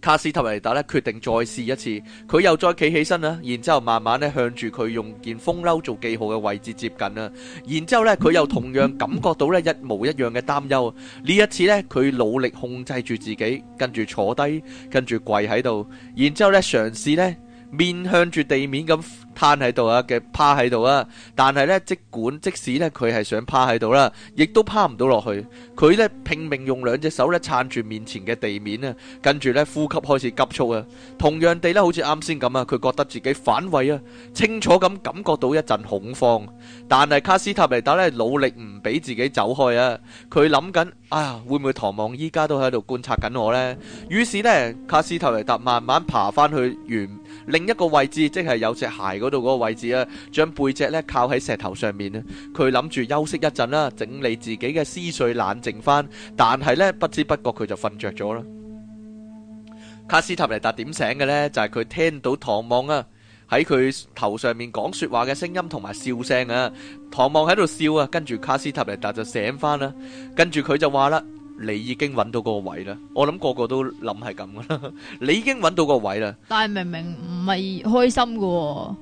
B: 卡斯特維達咧決定再試一次，佢又再企起身啦，然之後慢慢咧向住佢用件風褸做記號嘅位置接近啦，然之後咧佢又同樣感覺到咧一模一樣嘅擔憂。呢一次咧佢努力控制住自己，跟住坐低，跟住跪喺度，然之後咧嘗試咧面向住地面咁。攤喺度啊嘅趴喺度啊，但係呢，即管即使呢，佢係想趴喺度啦，亦都趴唔到落去。佢呢拼命用兩隻手咧撐住面前嘅地面啊，跟住呢呼吸開始急促啊。同樣地呢，好似啱先咁啊，佢覺得自己反胃啊，清楚咁感覺到一陣恐慌。但係卡斯塔尼達呢，努力唔俾自己走開啊，佢諗緊啊會唔會唐望依家都喺度觀察緊我呢？於是呢，卡斯塔尼達慢慢爬翻去原，另一個位置，即係有隻鞋。嗰度嗰個位置啊，將背脊咧靠喺石頭上面咧，佢諗住休息一陣啦，整理自己嘅思緒，冷靜翻。但係呢，不知不覺佢就瞓着咗啦。卡斯塔尼達點醒嘅呢？就係、是、佢聽到唐望啊喺佢頭上面講說話嘅聲音同埋笑聲啊，唐望喺度笑啊，跟住卡斯塔尼達就醒翻啦。跟住佢就話啦：你已經揾到個位啦。我諗個個都諗係咁噶啦， *laughs* 你已經揾到個位啦。
A: 但係明明唔係開心噶、哦。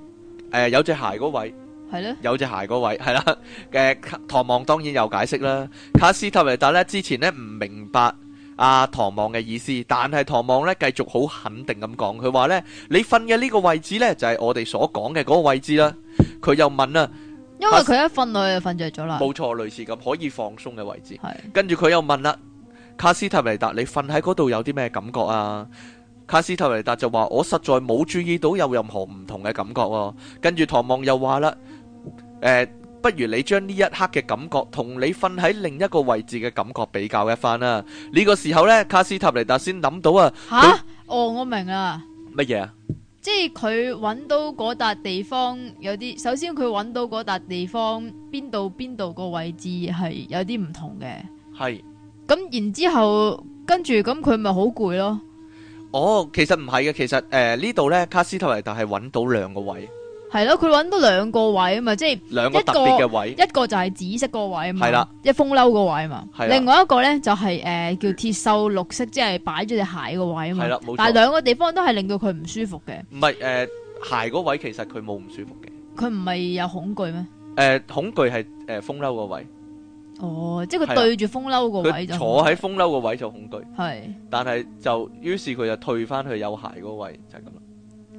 B: 誒、呃，有隻鞋嗰位係咧，呢有隻鞋嗰位係啦。誒、 *laughs* 啊，唐望當然有解釋啦。卡斯塔維達咧之前咧唔明白阿唐望嘅意思，但係唐望咧繼續好肯定咁講，佢話咧，你瞓嘅呢個位置咧就係、是、我哋所講嘅嗰個位置啦。佢 *laughs* 又問啦、啊，因為佢一
A: 瞓落去就瞓着咗啦。冇
B: 錯，類似咁可以放鬆嘅位置。係是，跟住佢又問啦、啊，卡斯塔維達，你瞓喺嗰度有啲咩感覺啊？卡斯塔尼達就話：我實在冇注意到有任何唔同嘅感覺。跟住唐望又話啦：誒，不如你將呢一刻嘅感覺同你瞓喺另一個位置嘅感覺比較一番啦。呢個時候咧，卡斯塔尼達先諗到啊。吓，
A: 哦，我明啦。乜嘢啊？即係佢搵到嗰笪地方有啲，首先佢搵到嗰笪地方邊度邊度個位置係有啲唔同嘅。係。咁然之後，跟住咁佢咪好攰咯。
B: 哦，其實唔係嘅，其實誒、呃、呢度咧，卡斯特尼特係搵到兩個位，
A: 係咯，佢搵到兩個位啊嘛，即係兩個特別嘅位，一個就係紫色個位啊嘛，係啦的，即係風褸個位啊嘛，的另外一個咧就係、是、誒、呃、叫鐵鏽綠色，即係擺住隻鞋個位啊嘛，但係兩個地方都係令到佢唔舒服嘅。
B: 唔係誒鞋嗰位其實佢冇唔舒服嘅，
A: 佢唔係有恐懼咩？
B: 誒、呃、恐懼係誒風褸個位。
A: 哦，即係佢對住風褸個位就坐喺風
B: 褸個位就恐懼，係，但係就於是佢就退翻去有鞋個位就係咁啦。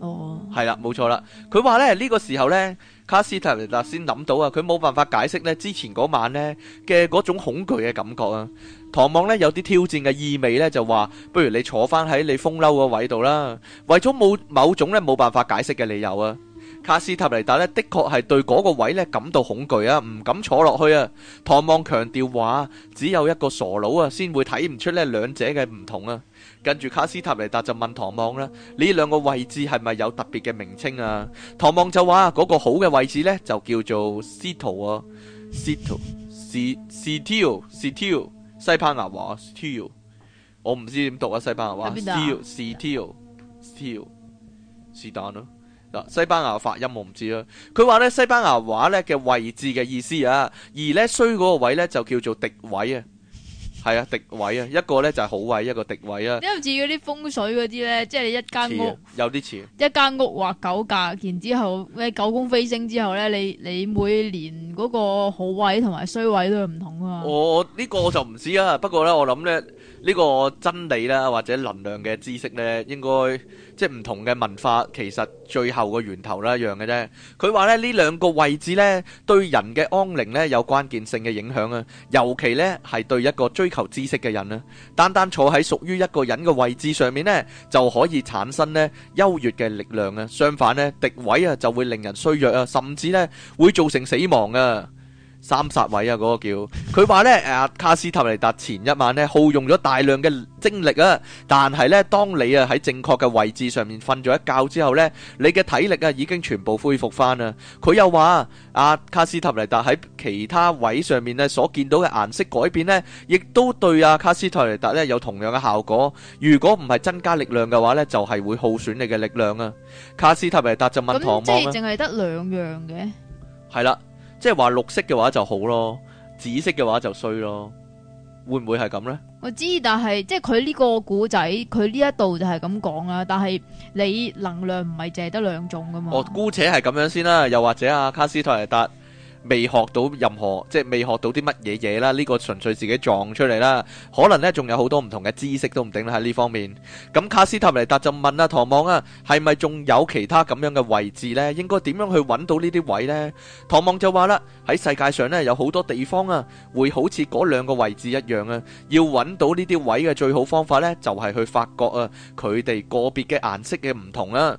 B: 哦，係啦，冇錯啦。佢話咧呢個時候咧，卡斯特尼達先諗到啊，佢冇辦法解釋咧之前嗰晚咧嘅嗰種恐懼嘅感覺啊。唐望咧有啲挑戰嘅意味咧，就話不如你坐翻喺你風褸個位度啦，為咗冇某種咧冇辦法解釋嘅理由啊。卡斯塔尼達呢，的確係對嗰個位呢，感到恐懼啊，唔敢坐落去啊。唐望強調話，只有一個傻佬啊，先會睇唔出呢兩者嘅唔同啊。跟住卡斯塔尼達就問唐望啦，呢兩個位置係咪有特別嘅名稱啊？唐望就話嗰個好嘅位置呢，就叫做 sitio，sitio，是是 t i t i 西班牙話 til，我唔知點讀啊，西班牙話 til，是 til，til，是但咯。嗱，西班牙發音我唔知啊。佢話咧西班牙話咧嘅位置嘅意思啊，而咧衰嗰個位咧就叫做敵位啊，係啊，敵位啊，一個咧就係好位，一個敵位啊。
A: 因為似嗰啲風水嗰啲咧，即係你一間屋
B: 有啲似，
A: 一間屋畫九格，然之後咩九宮飛升之後咧，你你每年嗰個好位同埋衰位都係唔同啊。
B: 我呢個我就唔知啊，不過咧我諗咧。呢個真理啦，或者能量嘅知識咧，應該即係唔同嘅文化，其實最後個源頭啦一樣嘅啫。佢話咧，呢兩個位置咧，對人嘅安寧咧有關鍵性嘅影響啊。尤其咧係對一個追求知識嘅人啊，單單坐喺屬於一個人嘅位置上面咧，就可以產生咧優越嘅力量啊。相反咧，敵位啊就會令人衰弱啊，甚至咧會造成死亡啊。三殺位啊，嗰、那個叫佢話呢，阿、啊、卡斯塔尼達前一晚呢，耗用咗大量嘅精力啊，但係呢，當你啊喺正確嘅位置上面瞓咗一覺之後呢，你嘅體力啊已經全部恢復翻啦。佢又話阿、啊、卡斯塔尼達喺其他位上面呢所見到嘅顏色改變呢，亦都對阿、啊、卡斯塔尼達呢有同樣嘅效果。如果唔係增加力量嘅話呢，就係、是、會耗損你嘅力量啊。卡斯塔尼達就問唐望，咁即係
A: 淨係得兩樣嘅，
B: 係啦。即係話綠色嘅話就好咯，紫色嘅話就衰咯，會唔會係咁呢？
A: 我知，但係即係佢呢個古仔，佢呢一度就係咁講啊，但係你能量唔係淨係得兩種噶嘛？我、哦、
B: 姑且係咁樣先啦，又或者阿卡斯塔尼達，未學到任何，即係未學到啲乜嘢嘢啦。呢個純粹自己撞出嚟啦。可能呢，仲有好多唔同嘅知識都唔定啦喺呢方面。咁卡斯塔尼達就問阿唐望啊，係咪仲有其他咁樣嘅位置呢？應該點樣去揾到呢啲位呢？唐望就話啦，喺世界上呢，有好多地方啊，會好似嗰兩個位置一樣啊。要揾到呢啲位嘅最好方法呢，就係去發覺啊，佢哋個別嘅顏色嘅唔同啊。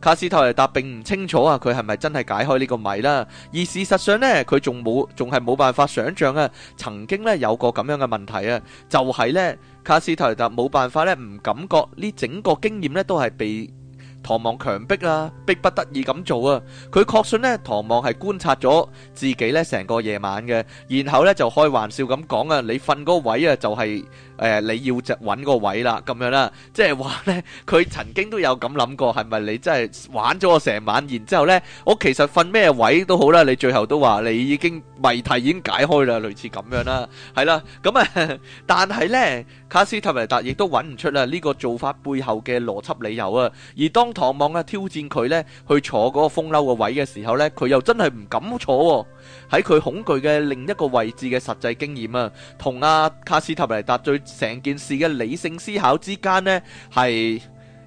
B: 卡斯泰達並唔清楚啊，佢係咪真係解開呢個謎啦？而事實上呢，佢仲冇，仲係冇辦法想象啊，曾經咧有過咁樣嘅問題啊，就係呢，卡斯泰達冇辦法咧唔感覺呢整個經驗咧都係被。唐望強迫啊，逼不得已咁做啊。佢確信咧，唐望係觀察咗自己咧成個夜晚嘅，然後咧就開玩笑咁講啊，你瞓嗰個位啊就係誒你要就揾個位啦咁樣啦，即係話咧佢曾經都有咁諗過，係咪你真係玩咗我成晚，然之後咧我其實瞓咩位都好啦，你最後都話你已經謎題已經解開啦，類似咁樣啦，係啦。咁啊，但係咧卡斯特維達亦都揾唔出啦呢個做法背後嘅邏輯理由啊，而當。渴望咧挑戰佢咧去坐嗰個風褸個位嘅時候咧，佢又真係唔敢坐喎。喺佢恐懼嘅另一個位置嘅實際經驗啊，同阿卡斯塔尼達最成件事嘅理性思考之間呢，係。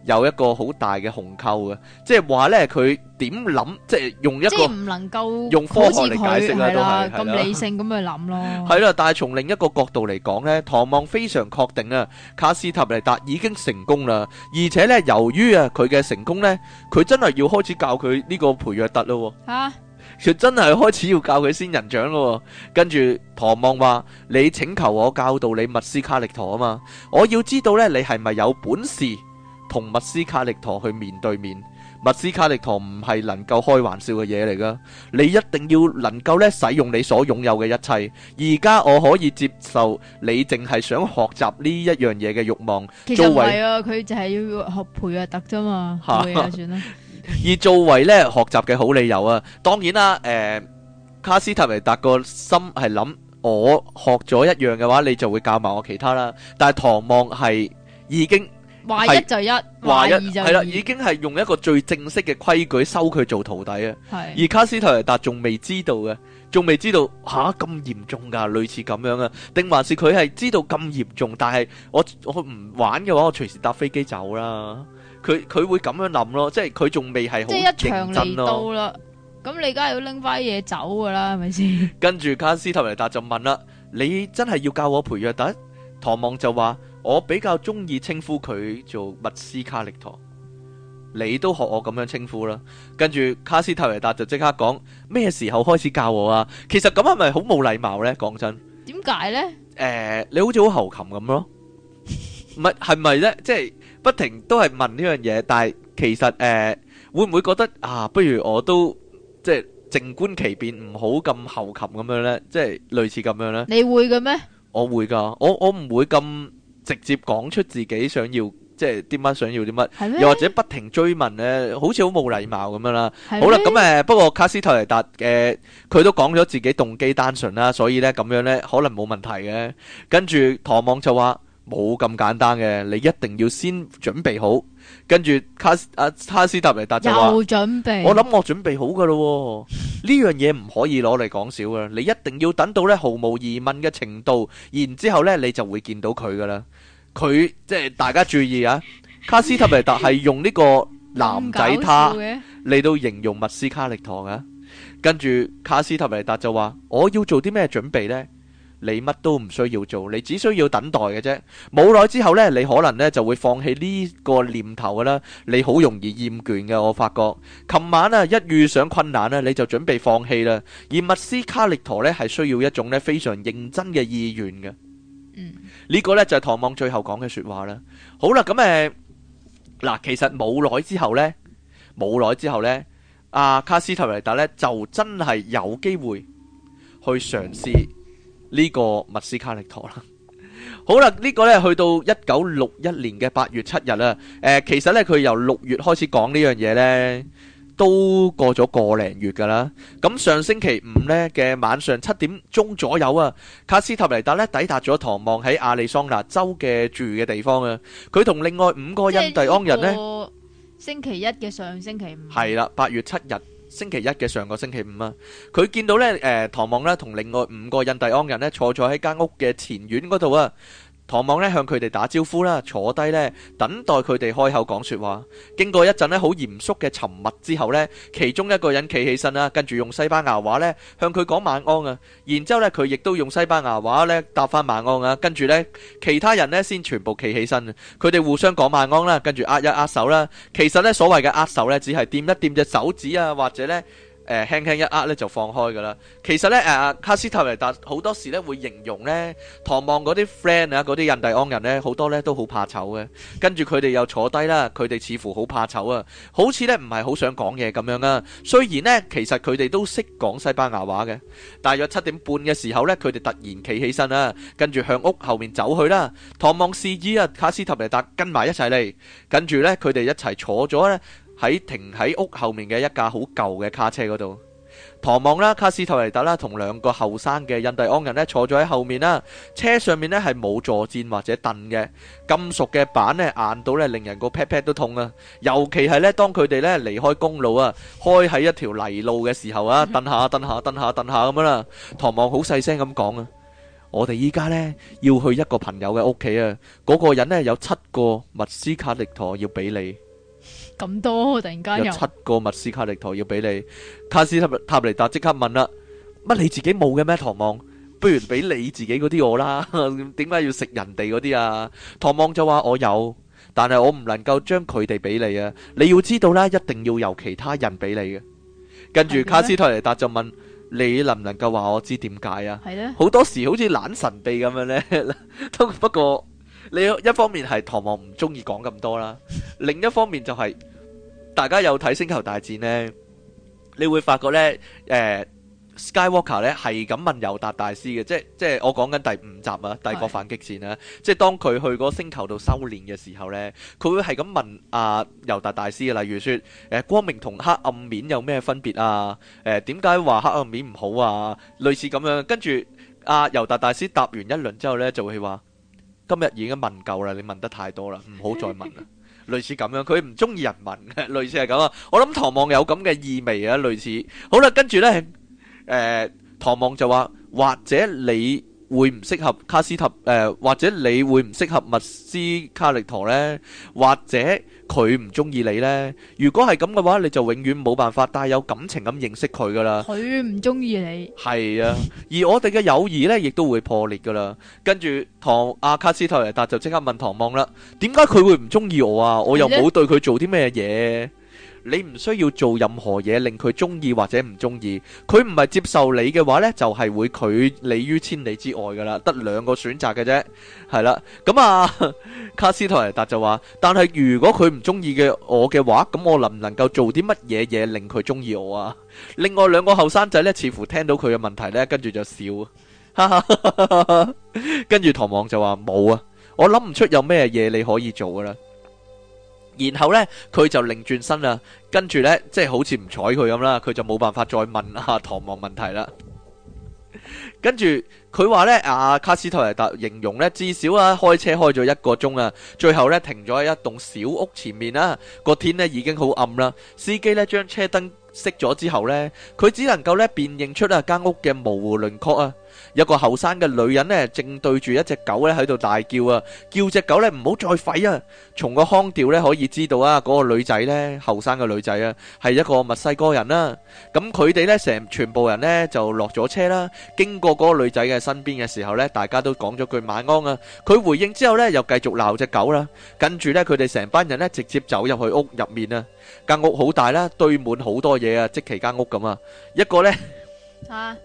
B: 有一個好大嘅鴻溝嘅，即係話呢，佢點諗，即係用一個，即係唔
A: 能夠用科學嚟解釋啦，都係咁理性咁去諗咯。係
B: 啦，但係從另一個角度嚟講呢，唐望非常確定啊，卡斯塔尼達已經成功啦，而且呢，由於啊佢嘅成功呢，佢真係要開始教佢呢個培約特咯吓，佢、啊、真係開始要教佢仙人掌咯。跟住唐望話：你請求我教導你密斯卡力陀啊嘛，我要知道呢，你係咪有本事？同密斯卡力陀去面對面，密斯卡力陀唔係能夠開玩笑嘅嘢嚟噶，你一定要能夠咧，使用你所擁有嘅一切。而家我可以接受你淨係想學習呢一樣嘢嘅欲望，作為啊，
A: 佢就係要學培啊特啫嘛，培啊算
B: 啦。而作為咧學習嘅好理由啊，當然啦，誒，卡斯特維達個心係諗，我學咗一樣嘅話，你就會教埋我其他啦。但係唐望係已經。
A: 話一就一，話二就二。係啦，
B: 已經係用一個最正式嘅規矩收佢做徒弟啊。係。而卡斯泰利達仲未知道嘅，仲未知道吓咁嚴重噶類似咁樣啊？定還是佢係知道咁嚴重，但係我我唔玩嘅話，我隨時搭飛機走啦。佢佢會咁樣諗咯，即係佢仲未係好認真咯。
A: 咁你而家係要拎翻嘢走噶啦，係咪先？
B: 跟住卡斯泰利達就問啦：，你真係要教我培約第一？唐望就話。我比較中意稱呼佢做密斯卡力托，你都學我咁樣稱呼啦。跟住卡斯特維達就即刻講咩時候開始教我啊？其實咁係咪好冇禮貌呢？講真，
A: 點解呢？誒、
B: 呃，你好似好猴琴咁咯，唔係係咪呢？即係不停都係問呢樣嘢，但係其實誒、呃，會唔會覺得啊？不如我都即係靜觀其變，唔好咁猴琴咁樣呢？即係類似咁樣呢？」你會嘅咩？我會㗎，我我唔會咁。直接講出自己想要，即係啲乜想要啲乜。嗎又或者不停追問咧，好似好冇禮貌咁樣啦。嗎好啦，咁誒不過卡斯特泰達嘅佢，呃、都講咗自己動機單純啦，所以咧咁樣咧可能冇問題嘅。跟住唐望就話。冇咁簡單嘅，你一定要先準備好，跟住卡斯阿、啊、卡斯塔尼達就話：又
A: 準備？我諗
B: 我準備好噶啦。呢樣嘢唔可以攞嚟講笑噶，你一定要等到咧毫無疑問嘅程度，然之後咧你就會見到佢噶啦。佢即係大家注意啊，卡斯塔尼達係用呢個男仔他嚟到形容密斯卡力托噶，跟住卡斯塔尼達就話：我要做啲咩準備呢？」你乜都唔需要做，你只需要等待嘅啫。冇耐之後呢，你可能呢就會放棄呢個念頭㗎啦。你好容易厭倦嘅，我發覺。琴晚啊，一遇上困難呢，你就準備放棄啦。而密斯卡力陀呢，係需要一種呢非常認真嘅意願嘅。呢、嗯、個呢，就係唐望最後講嘅説話啦。好啦，咁誒嗱，其實冇耐之後呢，冇耐之後呢，阿、啊、卡斯特尼達呢，就真係有機會去嘗試。呢個密斯卡利托啦，好啦，呢個咧去到一九六一年嘅八月七日啦。誒，其實咧佢由六月開始講呢樣嘢咧，都過咗個零月㗎啦。咁上星期五咧嘅晚上七點鐘左右啊，卡斯塔尼達咧抵達咗唐望喺亞利桑那州嘅住嘅地方啊。佢同另外五個印第安人咧，
A: 星期一嘅上星期五，
B: 係啦，八月七日。星期一嘅上個星期五啊，佢見到咧，誒、呃、唐望咧同另外五個印第安人咧坐坐喺間屋嘅前院嗰度啊。唐望咧向佢哋打招呼啦，坐低呢，等待佢哋開口講說話。經過一陣呢好嚴肅嘅沉默之後呢，其中一個人企起身啦，跟住用西班牙話呢向佢講晚安啊。然之後呢佢亦都用西班牙話呢答翻晚安啊。跟住呢，其他人呢先全部企起身，佢哋互相講晚安啦，跟住握一握手啦。其實呢，所謂嘅握手呢，只係掂一掂隻手指啊，或者呢。誒輕輕一壓咧就放開嘅啦，其實咧誒卡斯塔尼達好多時咧會形容咧，唐望嗰啲 friend 啊嗰啲印第安人咧好多咧都好怕醜嘅，跟住佢哋又坐低啦，佢哋似乎好怕醜啊，好似咧唔係好想講嘢咁樣啊。雖然咧其實佢哋都識講西班牙話嘅，大約七點半嘅時候咧佢哋突然企起身啦，跟住向屋後面走去啦，唐望示意啊卡斯塔尼達跟埋一齊嚟，跟住咧佢哋一齊坐咗咧。喺停喺屋後面嘅一架好舊嘅卡車嗰度，唐望啦、卡斯托尼達啦同兩個後生嘅印第安人呢坐咗喺後面啦。車上面呢係冇坐墊或者凳嘅，金屬嘅板呢硬到呢令人個 pat pat 都痛啊。尤其係呢，當佢哋呢離開公路啊，開喺一條泥路嘅時候啊，蹬下蹬下蹬下蹬下咁樣啦。唐望好細聲咁講啊，我哋依家呢要去一個朋友嘅屋企啊。嗰個人呢有七個密斯卡力陀要俾你。
A: 咁多突然間有七
B: 個密斯卡力陀要俾你，卡斯塔塔尼達即刻問啦，乜你自己冇嘅咩？唐望，不如俾你自己嗰啲我啦，點解要食人哋嗰啲啊？唐望就話我有，但係我唔能夠將佢哋俾你啊！你要知道咧，一定要由其他人俾你嘅。跟住卡斯塔尼達就問，你能唔能夠話我知點解啊？係咧，好多時好似懶神秘咁樣咧。都不過你一方面係唐望唔中意講咁多啦，另一方面就係。大家有睇《星球大戰》呢，你會發覺呢誒、呃、Skywalker 咧係咁問尤達大師嘅，即係即係我講緊第五集啊，帝國反擊戰啊，的即係當佢去嗰個星球度修煉嘅時候呢，佢會係咁問啊、呃、尤達大師，例如説，誒、呃、光明同黑暗面有咩分別啊？誒點解話黑暗面唔好啊？類似咁樣，跟住阿尤達大師答完一輪之後呢，就會話今日已經問夠啦，你問得太多啦，唔好再問啦。 *laughs* 類似咁樣，佢唔中意人民嘅，類似係咁啊！我諗唐望有咁嘅意味啊，類似好啦，跟住咧，誒、呃，唐望就話或者你。會唔適合卡斯特？誒，或者你會唔適合麥斯卡利托呢？或者佢唔中意你呢？如果係咁嘅話，你就永遠冇辦法帶有感情咁認識佢噶啦。
A: 佢唔中意你。
B: 係啊，而我哋嘅友誼呢，亦都會破裂噶啦。跟住唐阿卡斯泰利達就即刻問唐望啦：點解佢會唔中意我啊？我又冇對佢做啲咩嘢？你唔需要做任何嘢令佢中意或者唔中意，佢唔係接受你嘅話咧，就係會拒你於千里之外噶啦，得兩個選擇嘅啫，係啦。咁啊，卡斯托尼達就話：但係如果佢唔中意嘅我嘅話，咁我能唔能夠做啲乜嘢嘢令佢中意我啊？另外兩個後生仔咧，似乎聽到佢嘅問題咧，跟住就笑，跟住唐望就話：冇啊，我諗唔出有咩嘢你可以做噶啦。然後呢，佢就擰轉身啦，跟住呢，即係好似唔睬佢咁啦，佢就冇辦法再問下唐望問題啦。跟住佢話呢，阿卡斯泰瑞達形容呢，至少啊開車開咗一個鐘啊，最後呢停咗喺一棟小屋前面啦，個天呢已經好暗啦，司機呢將車燈熄咗之後呢，佢只能夠呢辨認出啊間屋嘅模糊輪廓啊。有個後生嘅女人咧，正對住一隻狗咧喺度大叫啊！叫隻狗咧唔好再吠啊！從個腔調咧可以知道啊，嗰個女仔咧後生嘅女仔啊，係一個墨西哥人啦。咁佢哋咧成全部人咧就落咗車啦。經過嗰個女仔嘅身邊嘅時候咧，大家都講咗句晚安啊。佢回應之後咧，又繼續鬧隻狗啦。跟住咧，佢哋成班人咧直接走入去屋入面啊。間屋好大啦，堆滿好多嘢啊，即其間屋咁啊。一個咧啊。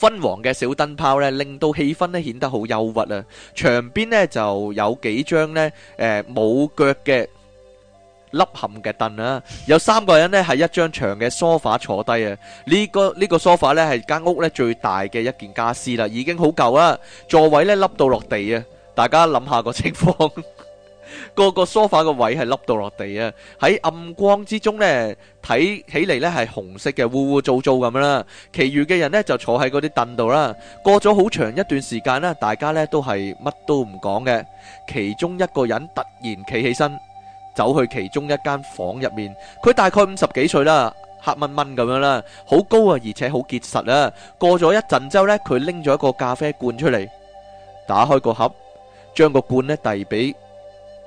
B: 昏黃嘅小燈泡咧，令到氣氛咧顯得好憂鬱啦。牆邊咧就有幾張咧誒冇腳嘅凹陷嘅凳啦。有三個人咧係一張長嘅梳化坐低啊。呢個呢個梳化咧係間屋咧最大嘅一件家私啦，已經好舊啦。座位咧凹到落地啊，大家諗下個情況。個個梳化個位係凹到落地啊！喺暗光之中呢，睇起嚟呢係紅色嘅，污污糟糟咁樣啦。其餘嘅人呢，就坐喺嗰啲凳度啦。過咗好長一段時間啦，大家呢都係乜都唔講嘅。其中一個人突然企起身，走去其中一間房入面。佢大概五十幾歲啦，黑蚊蚊咁樣啦，好高啊，而且好結實啊。過咗一陣之後呢，佢拎咗一個咖啡罐出嚟，打開個盒，將個罐呢遞俾。遞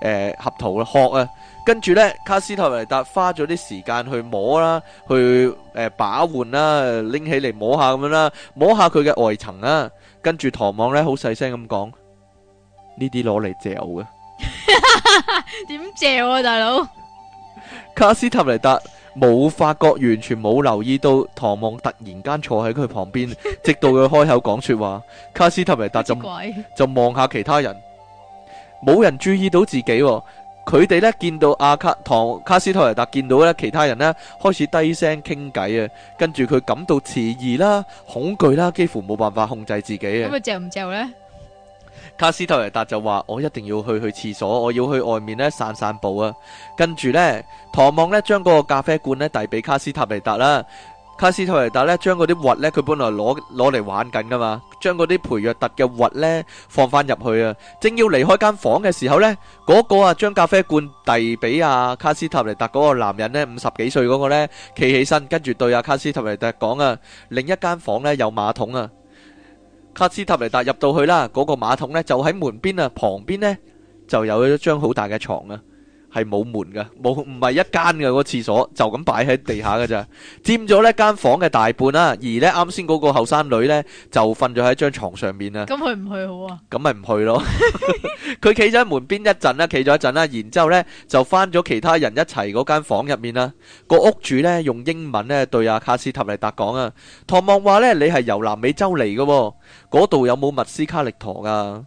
B: 誒、呃，合桃嘅殼啊，跟住呢，卡斯塔維達花咗啲時間去摸啦，去誒、呃、把玩啦，拎起嚟摸下咁樣啦，摸下佢嘅外層啦、啊，跟住唐望呢，好細聲咁講，呢啲攞嚟嚼嘅，
A: 點嚼 *laughs* 啊大佬？
B: 卡斯塔維達冇發覺，完全冇留意到唐望突然間坐喺佢旁邊， *laughs* 直到佢開口講說，說話，卡斯塔維達就就望下其他人。冇人注意到自己，哦，佢哋呢見到阿、啊、卡唐卡斯泰維達見到咧其他人呢，開始低聲傾偈啊，跟住佢感到遲疑啦、恐懼啦，幾乎冇辦法控制自己啊。咁啊、
A: 嗯，嚼唔嚼咧？嗯嗯嗯，
B: 卡斯泰維達就話：我一定要去去廁所，我要去外面呢散散步啊。跟住呢，唐望呢將嗰個咖啡罐呢遞俾卡斯泰維達啦。卡斯塔尼達咧，將嗰啲核咧，佢本來攞攞嚟玩緊噶嘛，將嗰啲培若特嘅核咧放翻入去啊！正要離開間房嘅時候呢，嗰個啊，將咖啡罐遞俾阿卡斯塔尼達嗰個男人呢，五十幾歲嗰個呢企起身，跟住對阿卡斯塔尼達講啊，另一間房呢，有馬桶啊！卡斯塔尼達入到去啦，嗰個馬桶呢就喺門邊啊，旁邊呢就有一張好大嘅床啊！係冇門噶，冇唔係一間嘅嗰個廁所就咁擺喺地下噶咋，佔咗 *laughs* 呢間房嘅大半啦、啊。而呢啱先嗰個後生女呢，就瞓咗喺張床上面啦、啊。咁
A: 去唔去好
B: 啊？咁咪唔去咯。佢企咗喺門邊一陣啦，企咗一陣啦，然之後呢就翻咗其他人一齊嗰間房入面啦、啊。個屋主呢，用英文呢對阿卡斯塔尼達講啊，唐望話呢，你係由南美洲嚟噶，嗰度有冇密斯卡力陀噶、啊？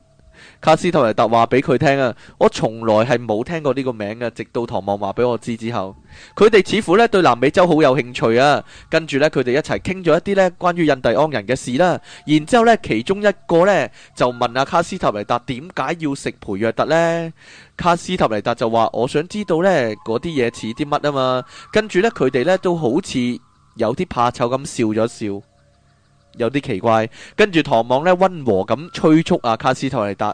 B: 卡斯托尼達話俾佢聽啊，我從來係冇聽過呢個名嘅，直到唐望話俾我知之後，佢哋似乎呢對南美洲好有興趣啊。跟住呢，佢哋一齊傾咗一啲呢關於印第安人嘅事啦。然之後呢，其中一個呢就問阿卡斯托尼達點解要食培約特呢。卡斯托尼達就話，我想知道呢嗰啲嘢似啲乜啊嘛。跟住呢，佢哋呢都好似有啲怕醜咁笑咗笑，有啲奇怪。跟住唐望呢溫和咁催促阿、啊、卡斯托尼達。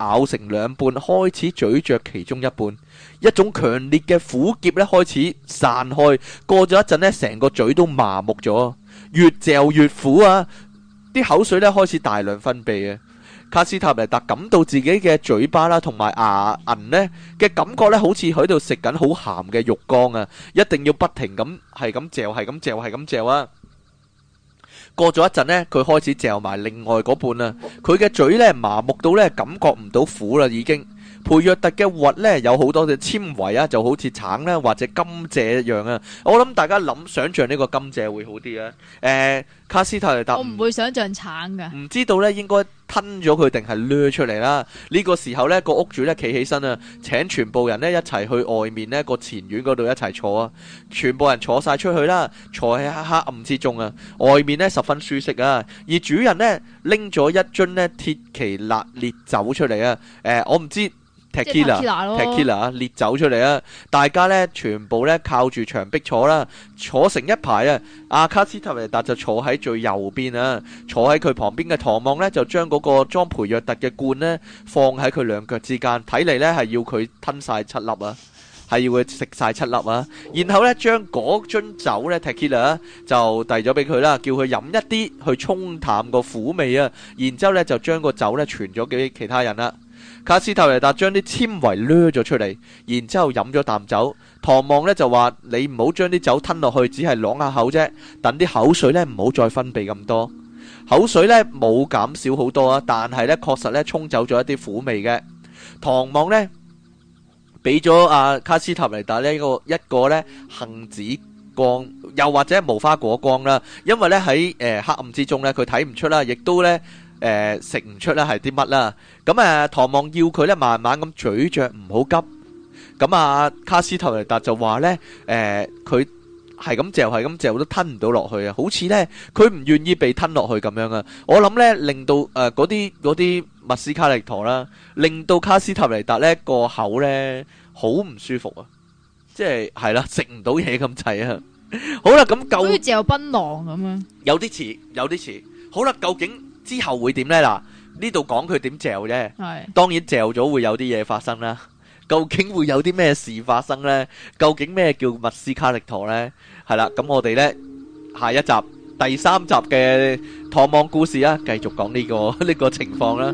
B: 咬成兩半，開始咀嚼其中一半，一種強烈嘅苦澀咧開始散開。過咗一陣咧，成個嘴都麻木咗，越嚼越苦啊！啲口水咧開始大量分泌啊！卡斯塔尼達感到自己嘅嘴巴啦，同埋牙齦呢嘅感覺咧，好似喺度食緊好鹹嘅肉乾啊！一定要不停咁係咁嚼，係咁嚼，係咁嚼啊！過咗一陣呢，佢開始嚼埋另外嗰半啦。佢嘅嘴呢，麻木到呢，感覺唔到苦啦，已經。培若特嘅核呢，有好多嘅纖維啊，就好似橙咧、啊、或者甘蔗一樣啊。我諗大家諗想象呢個甘蔗會好啲啊。誒、呃。卡斯泰就答：我唔
A: 會想象慘噶唔知
B: 道咧應該吞咗佢定係掠出嚟啦。呢、這個時候咧，個屋主咧企起身啊，請全部人咧一齊去外面呢個前院嗰度一齊坐啊。全部人坐晒出去啦，坐喺黑黑暗之中啊。外面咧十分舒適啊。而主人呢拎咗一樽咧鐵奇辣烈酒出嚟啊。誒、呃，我唔知。Tequila，Tequila 啊！列走出嚟啊！大家咧全部咧靠住牆壁坐啦，坐成一排啊！阿卡斯托維達就坐喺最右邊啊，坐喺佢旁邊嘅唐望咧就將嗰個裝培約特嘅罐咧放喺佢兩腳之間，睇嚟咧係要佢吞晒七粒啊，係要佢食晒七粒啊！然後咧將嗰樽酒咧 Tequila 就遞咗俾佢啦，叫佢飲一啲去沖淡個苦味啊！然之後咧就將個酒咧傳咗俾其他人啦。卡斯塔尼達將啲纖維掠咗出嚟，然之後飲咗啖酒。唐望呢就話：你唔好將啲酒吞落去，只係啷下口啫。等啲口水咧唔好再分泌咁多。口水咧冇減少好多啊，但係咧確實咧沖走咗一啲苦味嘅。唐望呢俾咗阿卡斯塔尼達呢一個一個咧杏子乾，又或者無花果乾啦。因為咧喺誒黑暗之中咧，佢睇唔出啦，亦都咧。誒，食唔出啦，係啲乜啦？咁誒，唐望要佢咧，慢慢咁咀嚼，唔好急。咁啊，卡斯塔尼達就話咧，誒，佢係咁嚼，係咁嚼，都吞唔到落去啊，好似咧佢唔願意被吞落去咁樣啊。我諗咧，令到誒嗰啲嗰啲墨斯卡力陀啦，令到卡斯塔尼達咧個口咧好唔舒服啊，即係係啦，食唔到嘢咁滯啊。好啦，咁
A: 究竟好似嚼檳榔咁樣，
B: 有啲似有啲似。好啦，究竟。之後會點呢？嗱，呢度講佢點嚼啫， *music* 當然嚼咗會有啲嘢發生啦。究竟會有啲咩事發生呢？究竟咩叫密斯卡力陀呢？係啦，咁我哋呢下一集第三集嘅《唐望故事》啊、這個，繼續講呢個呢個情況啦。